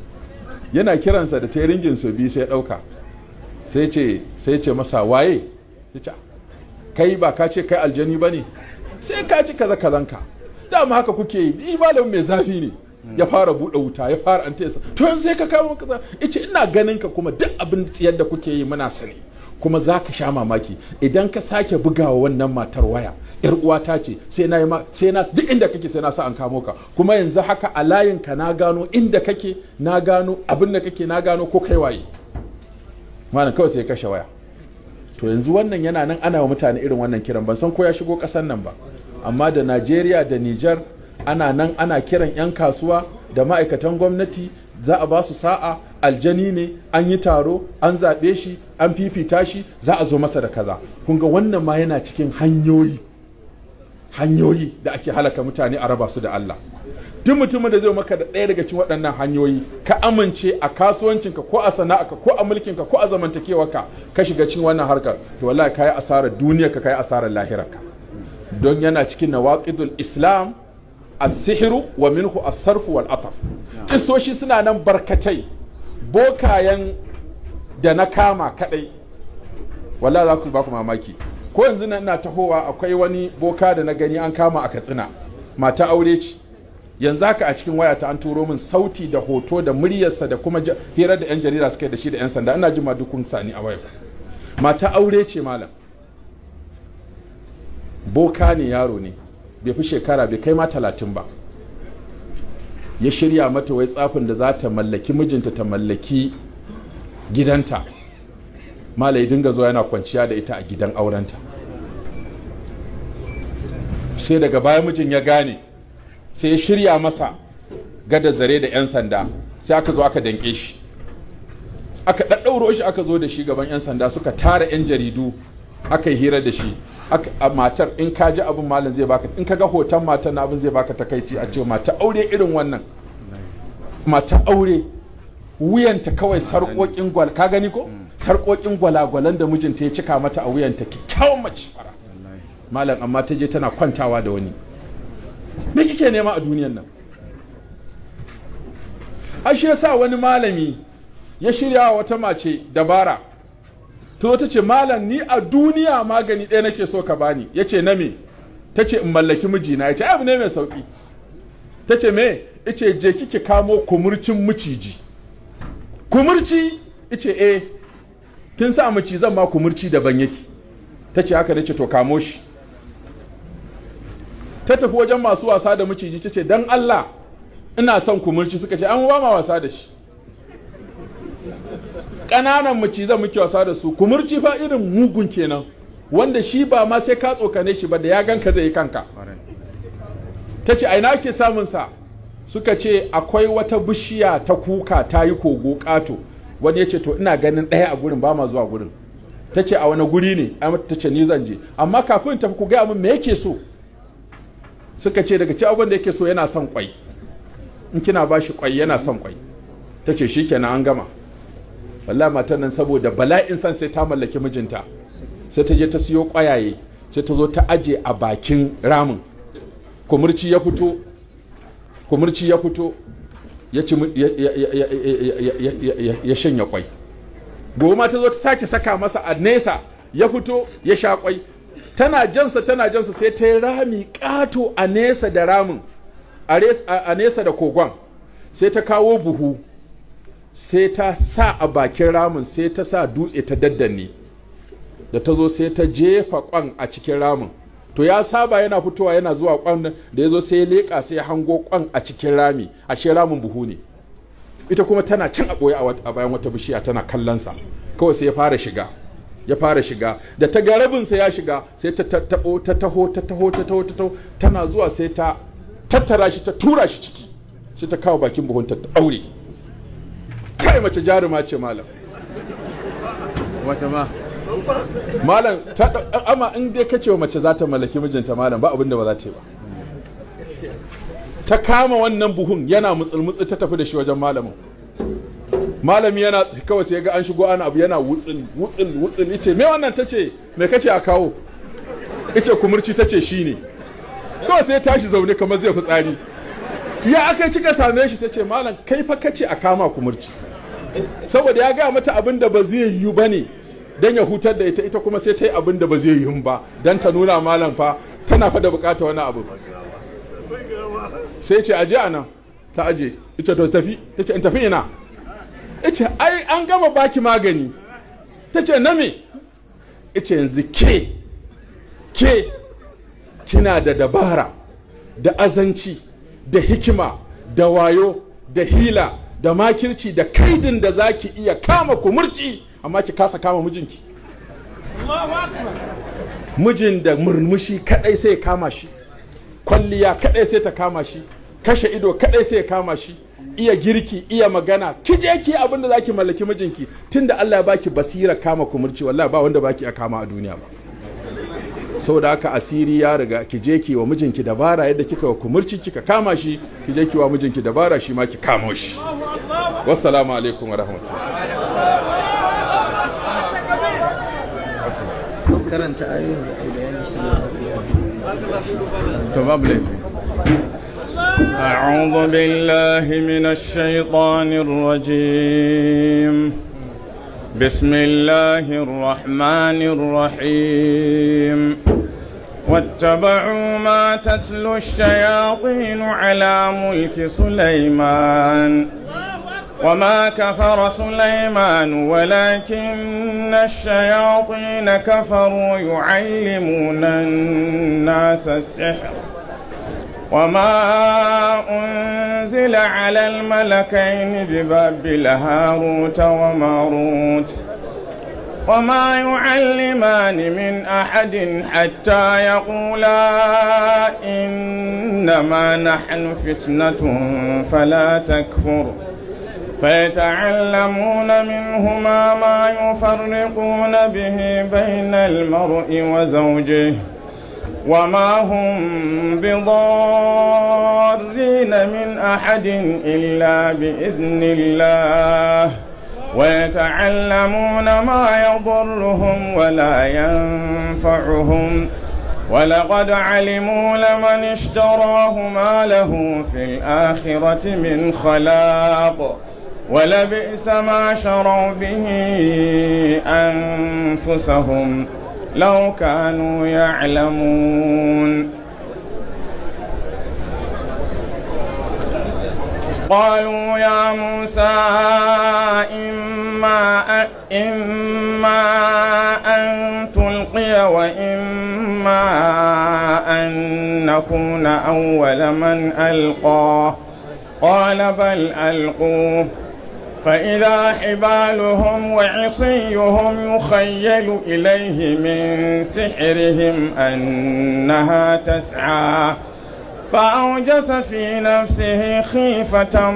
yana kiransa da ta ringin su biyu sai dauka ɗauka sai ce sai ce masa waye sai ce kai ba ka ce kai aljani ba ne sai ka ci kaza kazanka dama haka kuke yi ni malamin mai zafi ne ya fara buɗe wuta ya fara an tesa to yanzu sai ka kama kaza ce ina ganin ka kuma duk abin tsiyar da kuke yi muna sani kuma za ka sha mamaki idan ka sake bugawa wannan matar waya yar uwata ce sai na ma sai na duk inda kake sai na sa an kamo ka kuma yanzu haka a layin ka na gano inda kake na gano abin da kake na gano ko kai waye malam kawai sai ka kashe waya to yanzu wannan yana nan ana wa mutane irin wannan kiran ban san ko ya shigo kasan nan ba amma da najeriya da niger ana nan ana kiran 'yan kasuwa da ma'aikatan gwamnati za a ba su sa'a aljani ne an yi taro an zaɓe shi an fifita shi za a zo masa da kaza kun ga wannan ma yana cikin hanyoyi hanyoyi da ake halaka mutane a raba su da allah duk mutumin da zai maka da ɗaya daga cikin waɗannan hanyoyi ka amince a kasuwancinka ko a sana'arka ko a mulkinka ko a zamantakewa ka Ka shiga cikin wannan harkar to wallahi kai asarar duniya ka kai asarar lahirarka don yana cikin nawaqidul islam as-sihru wa minhu as-sarfu wal ataf kisoshi suna nan barkatai bokayen da na kama kadai wallahi za ku ba ku mamaki ko yanzu nan ina tahowa akwai wani boka da na gani an kama a katsina mata aure ce yanzu haka a cikin wayata an turo min sauti da hoto da muryarsa da kuma hirar da 'yan jarida suka da shi da 'yan sanda ina jima dukkan sani a waya mata aure ce malam boka ne yaro ne bai fi shekara bai kai ma talatin ba ya shirya mata wai tsafin da za ta mallaki mijinta ta mallaki gidanta mala ya dinga zuwa yana kwanciya da ita a gidan aurenta sai daga baya mijin ya gane sai ya shirya masa gada zare da 'yan sanda sai aka zo aka danke shi aka ɗaɗɗauro shi aka zo da shi gaban 'yan sanda suka tara 'yan jaridu aka yi hira da shi a matar in ka ji abin malam zai baka in ka ga hoton matar na abin zai baka takaici a ce mata aure irin wannan mata aure wuyanta kawai sarƙoƙin gwal ka gani ko sarƙoƙin gwalagwalan da mijinta ya cika mata a wuyanta kyakkyawan mace malam amma ta je tana kwantawa da wani me kike nema a duniyan nan Ashe shi yasa wani malami ya shirya wa wata mace dabara ta ta ce malam ni a duniya magani ɗaya nake so ka bani ya ce na me ta ce in mallaki mijina ya ce abu ne mai sauƙi ta ce me ce, je kike kamo kumurcin miciji kumurci ce eh kin sa zan ma kumurci daban yake ta ce haka ce to kamo shi ta tafi wajen masu wasa da maciji ta ce don Allah ina son kumurci suka ce an ba ma wasa da shi ƙananan macizan muke wasa da su kumurci fa irin mugun kenan wanda shi ba ma sai ka tsokane shi ba da ya ganka zai yi kanka ta ce aina ke samun sa suka ce akwai wata bishiya ta kuka ta yi kogo kato wani ya ce to ina ganin ɗaya a gurin ba ma zuwa gurin ta ce a wani guri ne ta ce ni zan je amma kafin tafi ku gaya min me yake so suka ce daga ci abin da yake so yana son kwai in kina ba shi kwai yana son kwai ta ce shi kenan an gama wallahi matan nan saboda bala'in san sai ta mallaki mijinta sai ta je ta siyo kwayaye sai ta zo ta aje a bakin ramin kumurci ya fito kumurci ya fito ya ci ya shanya kwai goma ta zo ta sake saka masa a nesa ya fito ya sha kwai tana jansa tana jansa sai ta yi rami kato a nesa da ramin a nesa da kogon sai ta kawo buhu sai ta sa a bakin ramin sai ta sa dutse ta daddanne da ta zo sai ta jefa kwan a cikin ramin to ya saba yana fitowa yana zuwa kwan da ya zo sai ya leƙa sai ya hango kwan a cikin rami ashe ramin buhu ne ita kuma tana cin a a bayan wata bishiya tana kallonsa kawai sai ya fara shiga ya fara shiga da ta garabinsa ya shiga sai ta tattabo ta taho ta taho ta taho ta taho tana zuwa sai ta tattara shi ta tura shi ciki sai ta kawo bakin buhunta ta aure kai mace jaruma ce malam wata ma malam amma in dai kace wa mace za ta mallaki mijinta malam ba abin da ba za ta yi ba ta kama wannan buhun yana mutsul ta tafi da shi wajen malamin malami yana kawai sai ga an shigo ana abu yana wutsin wutsin wutsin yace me wannan tace me kace a kawo yace kumurci tace shine kawai sai tashi zaune kamar zai fitsari ya aka kika same shi tace malam kai fa kace a kama kumurci saboda ya gaya mata abin da ba zai yiwu ba ne don ya hutar da ita ita kuma sai ta yi abin da ba zai yiwu ba don ta nuna malam fa tana fa da bukata wani abu sai ce aje a nan ta aje ita to tafi ta ce in tafi ina ce ai an gama baki magani ta ce na me ce yanzu ke ke kina da dabara da azanci da hikima da wayo da hila da makirci da kaidin da za ki iya kama ku murci, amma ki kasa kama mijinki mijin da murmushi kadai sai kama shi kwalliya kadai sai ta kama shi kashe ido kadai sai kama shi iya girki iya magana ki je ki abin da zaki mallaki mijinki tunda Allah ya baki basira kama kumurci wallahi ba wanda baki a kama a duniya ba saboda haka asiri ya riga ki je ki wa mijinki dabara yadda kika wa kumurci kika kama shi ki je ki wa mijinki dabara shi ma ki kama shi wassalamu alaikum wa rahmatullahi karanta ayoyin da ayyuka to babu laifi أعوذ بالله من الشيطان الرجيم بسم الله الرحمن الرحيم واتبعوا ما تتلو الشياطين على ملك سليمان وما كفر سليمان ولكن الشياطين كفروا يعلمون الناس السحر وما أنزل على الملكين ببابل هاروت وماروت وما يعلمان من أحد حتى يقولا إنما نحن فتنة فلا تكفر فيتعلمون منهما ما يفرقون به بين المرء وزوجه وما هم بضارين من أحد إلا بإذن الله ويتعلمون ما يضرهم ولا ينفعهم ولقد علموا لمن اشتراه ما له في الآخرة من خلاق ولبئس ما شروا به أنفسهم لو كانوا يعلمون قالوا يا موسى إما إما أن تلقي وإما أن نكون أول من ألقاه قال بل ألقوه فإذا حبالهم وعصيهم يخيل إليه من سحرهم أنها تسعى فأوجس في نفسه خيفة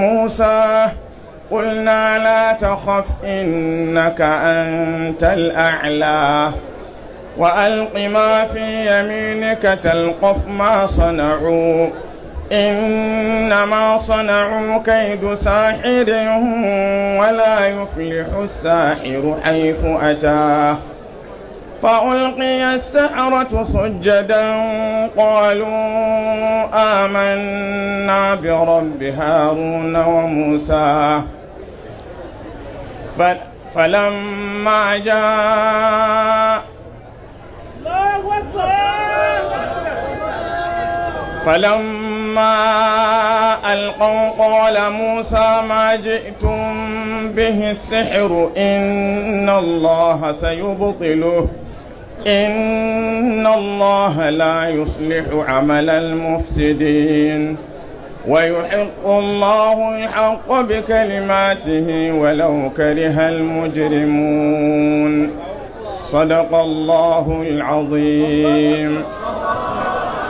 موسى قلنا لا تخف إنك أنت الأعلى وألق ما في يمينك تلقف ما صنعوا إنما صنعوا كيد ساحر ولا يفلح الساحر حيث أتاه فألقي السحرة سجدا قالوا آمنا برب هارون وموسى فلما جاء الله أكبر فلما ألقوا قال موسى ما جئتم به السحر إن الله سيبطله إن الله لا يصلح عمل المفسدين ويحق الله الحق بكلماته ولو كره المجرمون صدق الله العظيم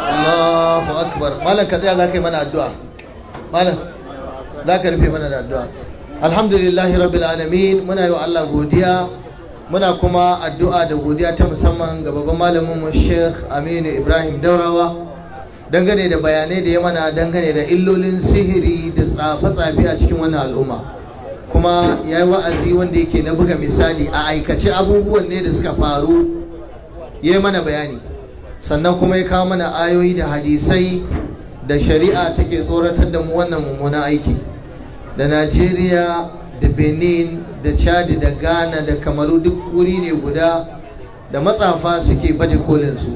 Allahu akbar malam ka tsaya za yi mana addu'a za ka rufe mana da addu'a alhamdulillahi rabbil alamin muna yi wa Allah godiya muna kuma addu'a da godiya ta musamman ga babban malamin mu Sheikh Aminu Ibrahim Daurawa dangane da bayanai da ya mana dangane da illolin sihiri da tsafe-tsafe a cikin wannan al'umma kuma ya yi wa'azi wanda yake na buga misali a aikace abubuwan ne da suka faru ya yi mana bayani sannan kuma ya kawo mana ayoyi da hadisai da shari'a take tsoratar da mu wannan mummunan aiki da najeriya da benin da chadi da ghana da kamaru duk wuri ne guda da matsafa suke baje kolin su.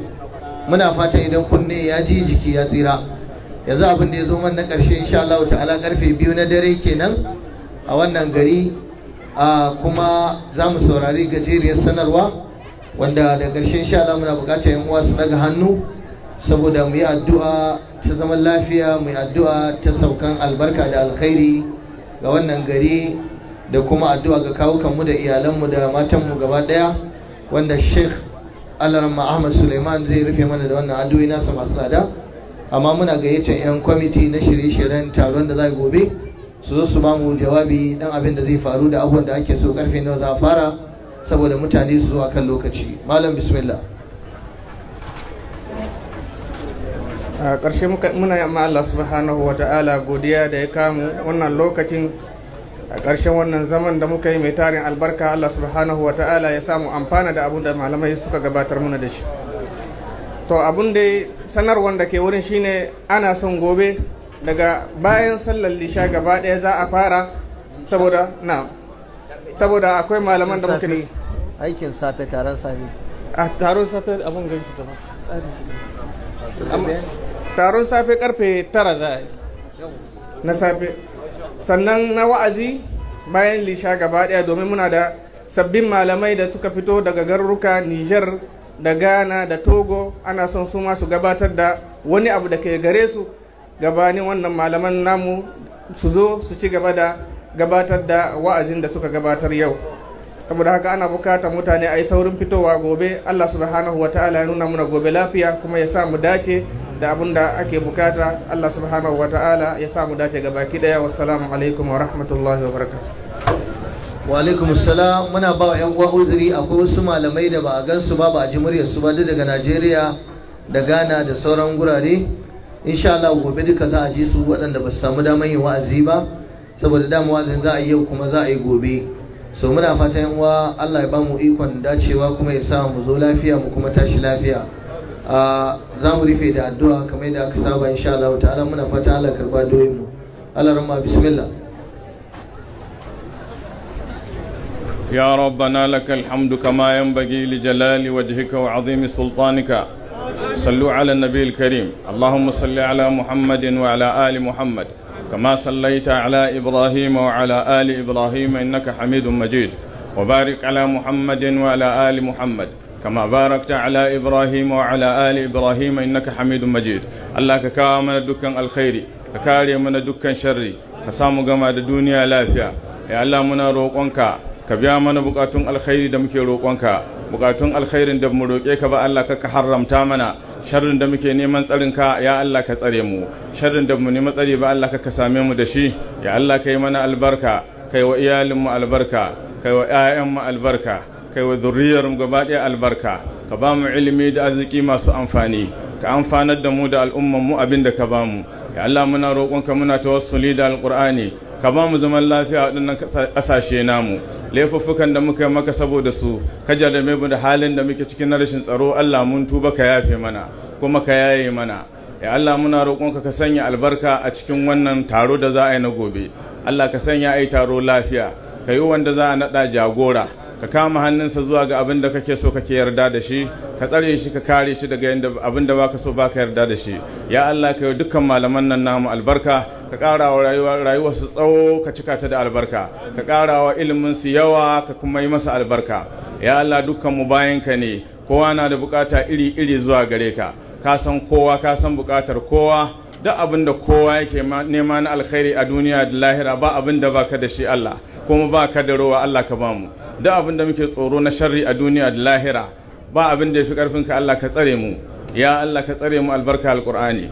muna fatan idan kunne ya ji jiki ya tsira yanzu abin da ya zo man na ƙarshe insha Allah ta'ala karfe biyu na dare kenan a wannan gari a kuma za mu saurari gajeriyar sanarwa wanda da ƙarshen sha Allah muna buƙatar yan uwa su daga hannu saboda mu yi addu'a ta zaman lafiya mu yi addu'a ta saukan albarka da alkhairi ga wannan gari da kuma addu'a ga kawukan mu da iyalanmu da matanmu gaba ɗaya wanda sheikh alarma ahmad suleiman zai rufe mana da wannan addu'o'i nasa masu tsada amma muna gayyatar 'yan kwamiti na shirye-shiryen taron da za gobe su zo su bamu jawabi dan abin da zai faru da abubuwan da ake so karfe nawa za a fara saboda mutane su zuwa kan lokaci malam bismillah a ƙarshe muna yamma Allah subhanahu wa ta'ala godiya da ya kamu wannan lokacin a ƙarshen wannan zaman da muka yi mai tarin albarka Allah subhanahu wa ta'ala ya samu amfana da abun da malamai suka gabatar muna da shi to abun da sanar wanda ke wurin shine ana son gobe daga bayan sallar lisha gaba ɗaya za a fara saboda na saboda akwai malaman da muke ne. aikin safe taron safe a taron safe abun gan shi taron safe karfe tara za a yi na safe sannan na wa'azi bayan lisha gaba daya domin muna da sabbin malamai da suka fito daga garuruka niger da ghana da togo ana son su masu gabatar da wani abu da ke gare su gabanin wannan malaman namu su zo su ci gaba da gabatar da wa'azin da suka gabatar yau saboda haka ana bukatar mutane a yi saurin fitowa gobe allah subhanahu ta'ala ya nuna muna gobe lafiya kuma ya sa mu dace da abin da ake bukata allah subhanahu ta'ala ya sa mu dace ga baki daya wassalamu alaikum wa rahmatullahi wa barakatuh wa alaikum salam muna ba yan uwa uzuri akwai wasu malamai da ba a gansu ba ba a ji su ba daga najeriya da ghana da sauran gurare insha allah gobe duka za a ji su waɗanda ba su samu damar yin wa'azi ba saboda dama wazin za a yi yau kuma za a yi gobe so muna fatan yan uwa Allah ya bamu ikon dacewa kuma ya sa mu zo lafiya mu kuma tashi lafiya za mu rufe da addu'a kamar yadda aka saba insha Allah ta'ala muna fata Allah karba doyin mu Allah rahma bismillah يا alhamdu لك الحمد كما ينبغي لجلال وجهك وعظيم سلطانك صلوا على النبي الكريم اللهم صل على محمد وعلى آل محمد كما صليت على إبراهيم وعلى آل إبراهيم إنك حميد مجيد وبارك على محمد وعلى آل محمد كما باركت على إبراهيم وعلى آل إبراهيم إنك حميد مجيد الله ككاو من دكان الخير ككاري من دكان شر كسامو جماعة الدنيا لافيا يا الله منا روقنك ka biya mana bukatun alkhairi da muke roƙonka bukatun alkhairin da mu roƙe ka ba Allah ka haramta mana sharrin da muke neman tsarin ka ya Allah ka tsare mu sharrin da mu neman tsari ba Allah ka same mu da shi ya Allah ka yi mana albarka kai wa iyalin mu albarka kai wa ƴaƴan mu albarka kai wa zuriyar mu gaba ɗaya albarka ka ba mu ilimi da arziki masu amfani ka amfanar da mu da al'umman mu abin da ka ba mu ya Allah muna ka muna tawassuli da alƙur'ani ka ba mu zaman lafiya a waɗannan ƙasashe namu laifuffukan da muka yi maka saboda su ka jarrame mu da halin da muke cikin na rashin tsaro Allah mun tuba ka yafe mana kuma ka yaye mana ya Allah muna roƙonka ka sanya albarka a cikin wannan taro da za a yi na gobe Allah ka sanya a yi taro lafiya ka yi wanda za a naɗa jagora ka kama hannunsa zuwa ga abin da kake so kake yarda da shi ka tsare shi ka kare shi daga abin da baka so baka yarda da shi ya Allah ka yi dukkan malaman nan namu albarka ka ƙara wa rayuwar su tsawo ka cika ta da albarka ka ƙara wa ilimin su yawa ka kuma yi masa albarka ya Allah dukkan mu bayan ka ne kowa na da bukata iri iri zuwa gare ka ka san kowa ka san bukatar kowa duk abin da kowa yake nema na alkhairi a duniya da lahira ba abin da baka da shi Allah kuma baka da rowa Allah ka bamu duk abin da muke tsoro na sharri a duniya da lahira ba abin da ya fi karfin ka Allah ka tsare mu ya Allah ka tsare mu albarka alqur'ani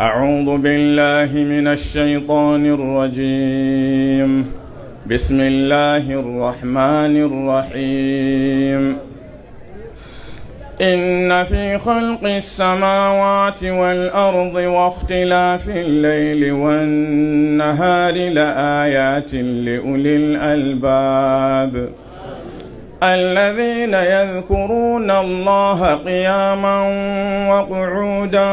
أعوذ بالله من الشيطان الرجيم بسم الله الرحمن الرحيم إن في خلق السماوات والأرض واختلاف الليل والنهار لآيات لأولي الألباب الذين يذكرون الله قياما وقعودا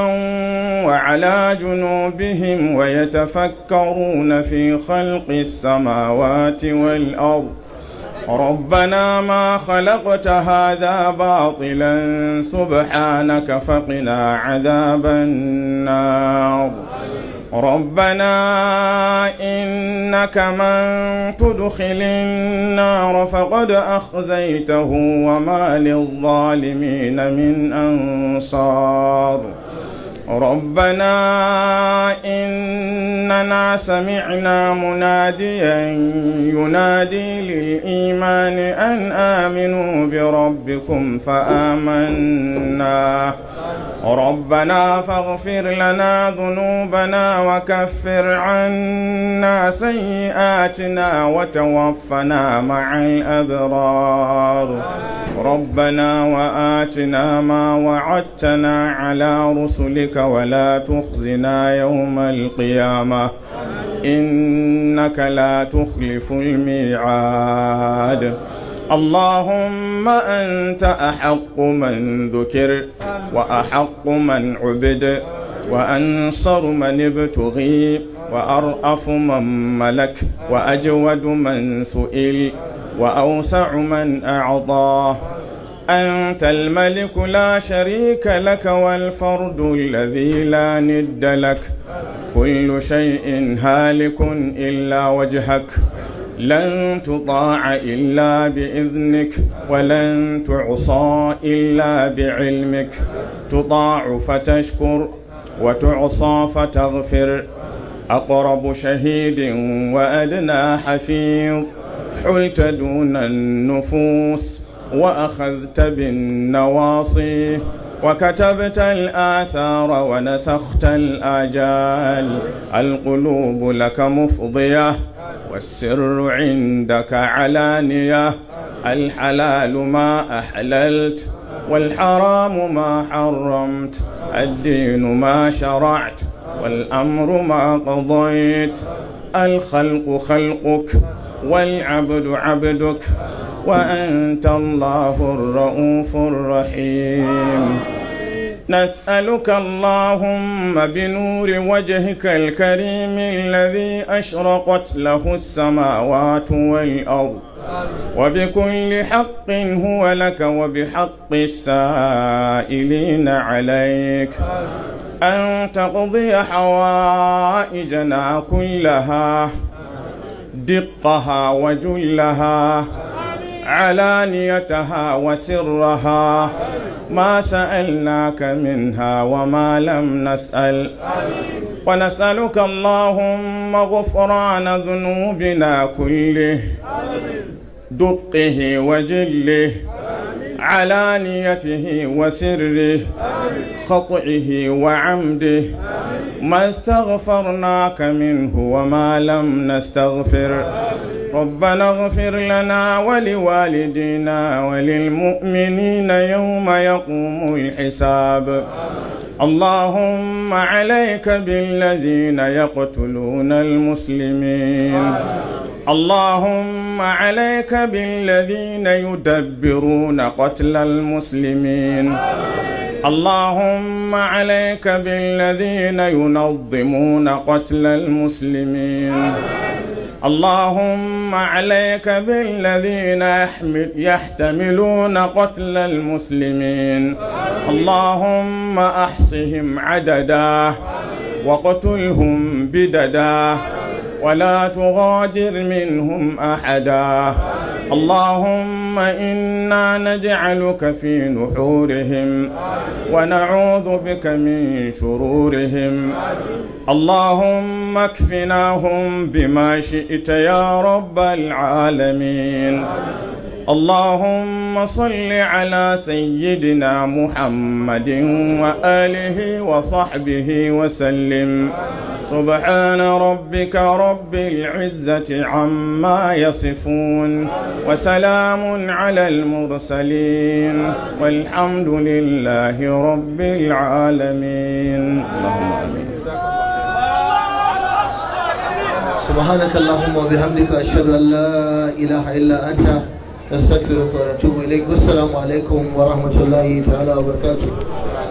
وعلى جنوبهم ويتفكرون في خلق السماوات والأرض ربنا ما خلقت هذا باطلا سبحانك فقنا عذاب النار ربنا إنك من تدخل النار فقد أخزيته وما للظالمين من أنصار ربنا إننا سمعنا مناديا ينادي للإيمان أن آمنوا بربكم فآمنا ربنا فاغفر لنا ذنوبنا وكفر عنا سيئاتنا وتوفنا مع الأبرار ربنا وآتنا ما وعدتنا على رسلك ولا تخزنا يوم القيامة إنك لا تخلف الميعاد اللهم أنت أحق من ذكر وأحق من عبد وأنصر من ابتغي وأرأف من ملك وأجود من سئل وأوسع من أعطاه أنت الملك لا شريك لك والفرد الذي لا ند لك كل شيء هالك إلا وجهك لن تطاع إلا بإذنك ولن تعصى إلا بعلمك تطاع فتشكر وتعصى فتغفر أقرب شهيد وأدنى حفيظ حلت دون النفوس وأخذت بالنواصي وكتبت الآثار ونسخت الآجال القلوب لك مفضية والسر عندك علانية الحلال ما أحللت والحرام ما حرمت الدين ما شرعت والأمر ما قضيت الخلق خلقك والعبد عبدك وأنت الله الرؤوف الرحيم نسألك اللهم بنور وجهك الكريم الذي أشرقت له السماوات والأرض وبكل حق هو لك وبحق السائلين عليك أن تقضي حوائجنا كلها دقها وجلها علانيتها وسرها ما سألناك منها وما لم نسأل ونسألك اللهم غفران ذنوبنا كله دقه وجله علانيته وسره خطئه وعمده ما استغفرناك منه وما لم نستغفر ربنا اغفر لنا ولوالدينا وللمؤمنين يوم يقوم الحساب اللهم عليك بالذين يقتلون المسلمين اللهم عليك بالذين يدبرون قتل المسلمين اللهم عليك بالذين ينظمون قتل المسلمين اللهم عليك بالذين يحتملون قتل المسلمين اللهم احصهم عددا وقتلهم بددا ولا تغادر منهم أحدا اللهم إنا نجعلك في نحورهم ونعوذ بك من شرورهم اللهم اكفناهم بما شئت يا رب العالمين اللهم صل على سيدنا محمد وآله وصحبه وسلم سبحان ربك رب العزة عما يصفون وسلام على المرسلين والحمد لله رب العالمين اللهم آمين سبحانك اللهم وبحمدك أشهد أن لا إله إلا أنت نستغفرك ونتوب إليك والسلام عليكم ورحمة الله تعالى وبركاته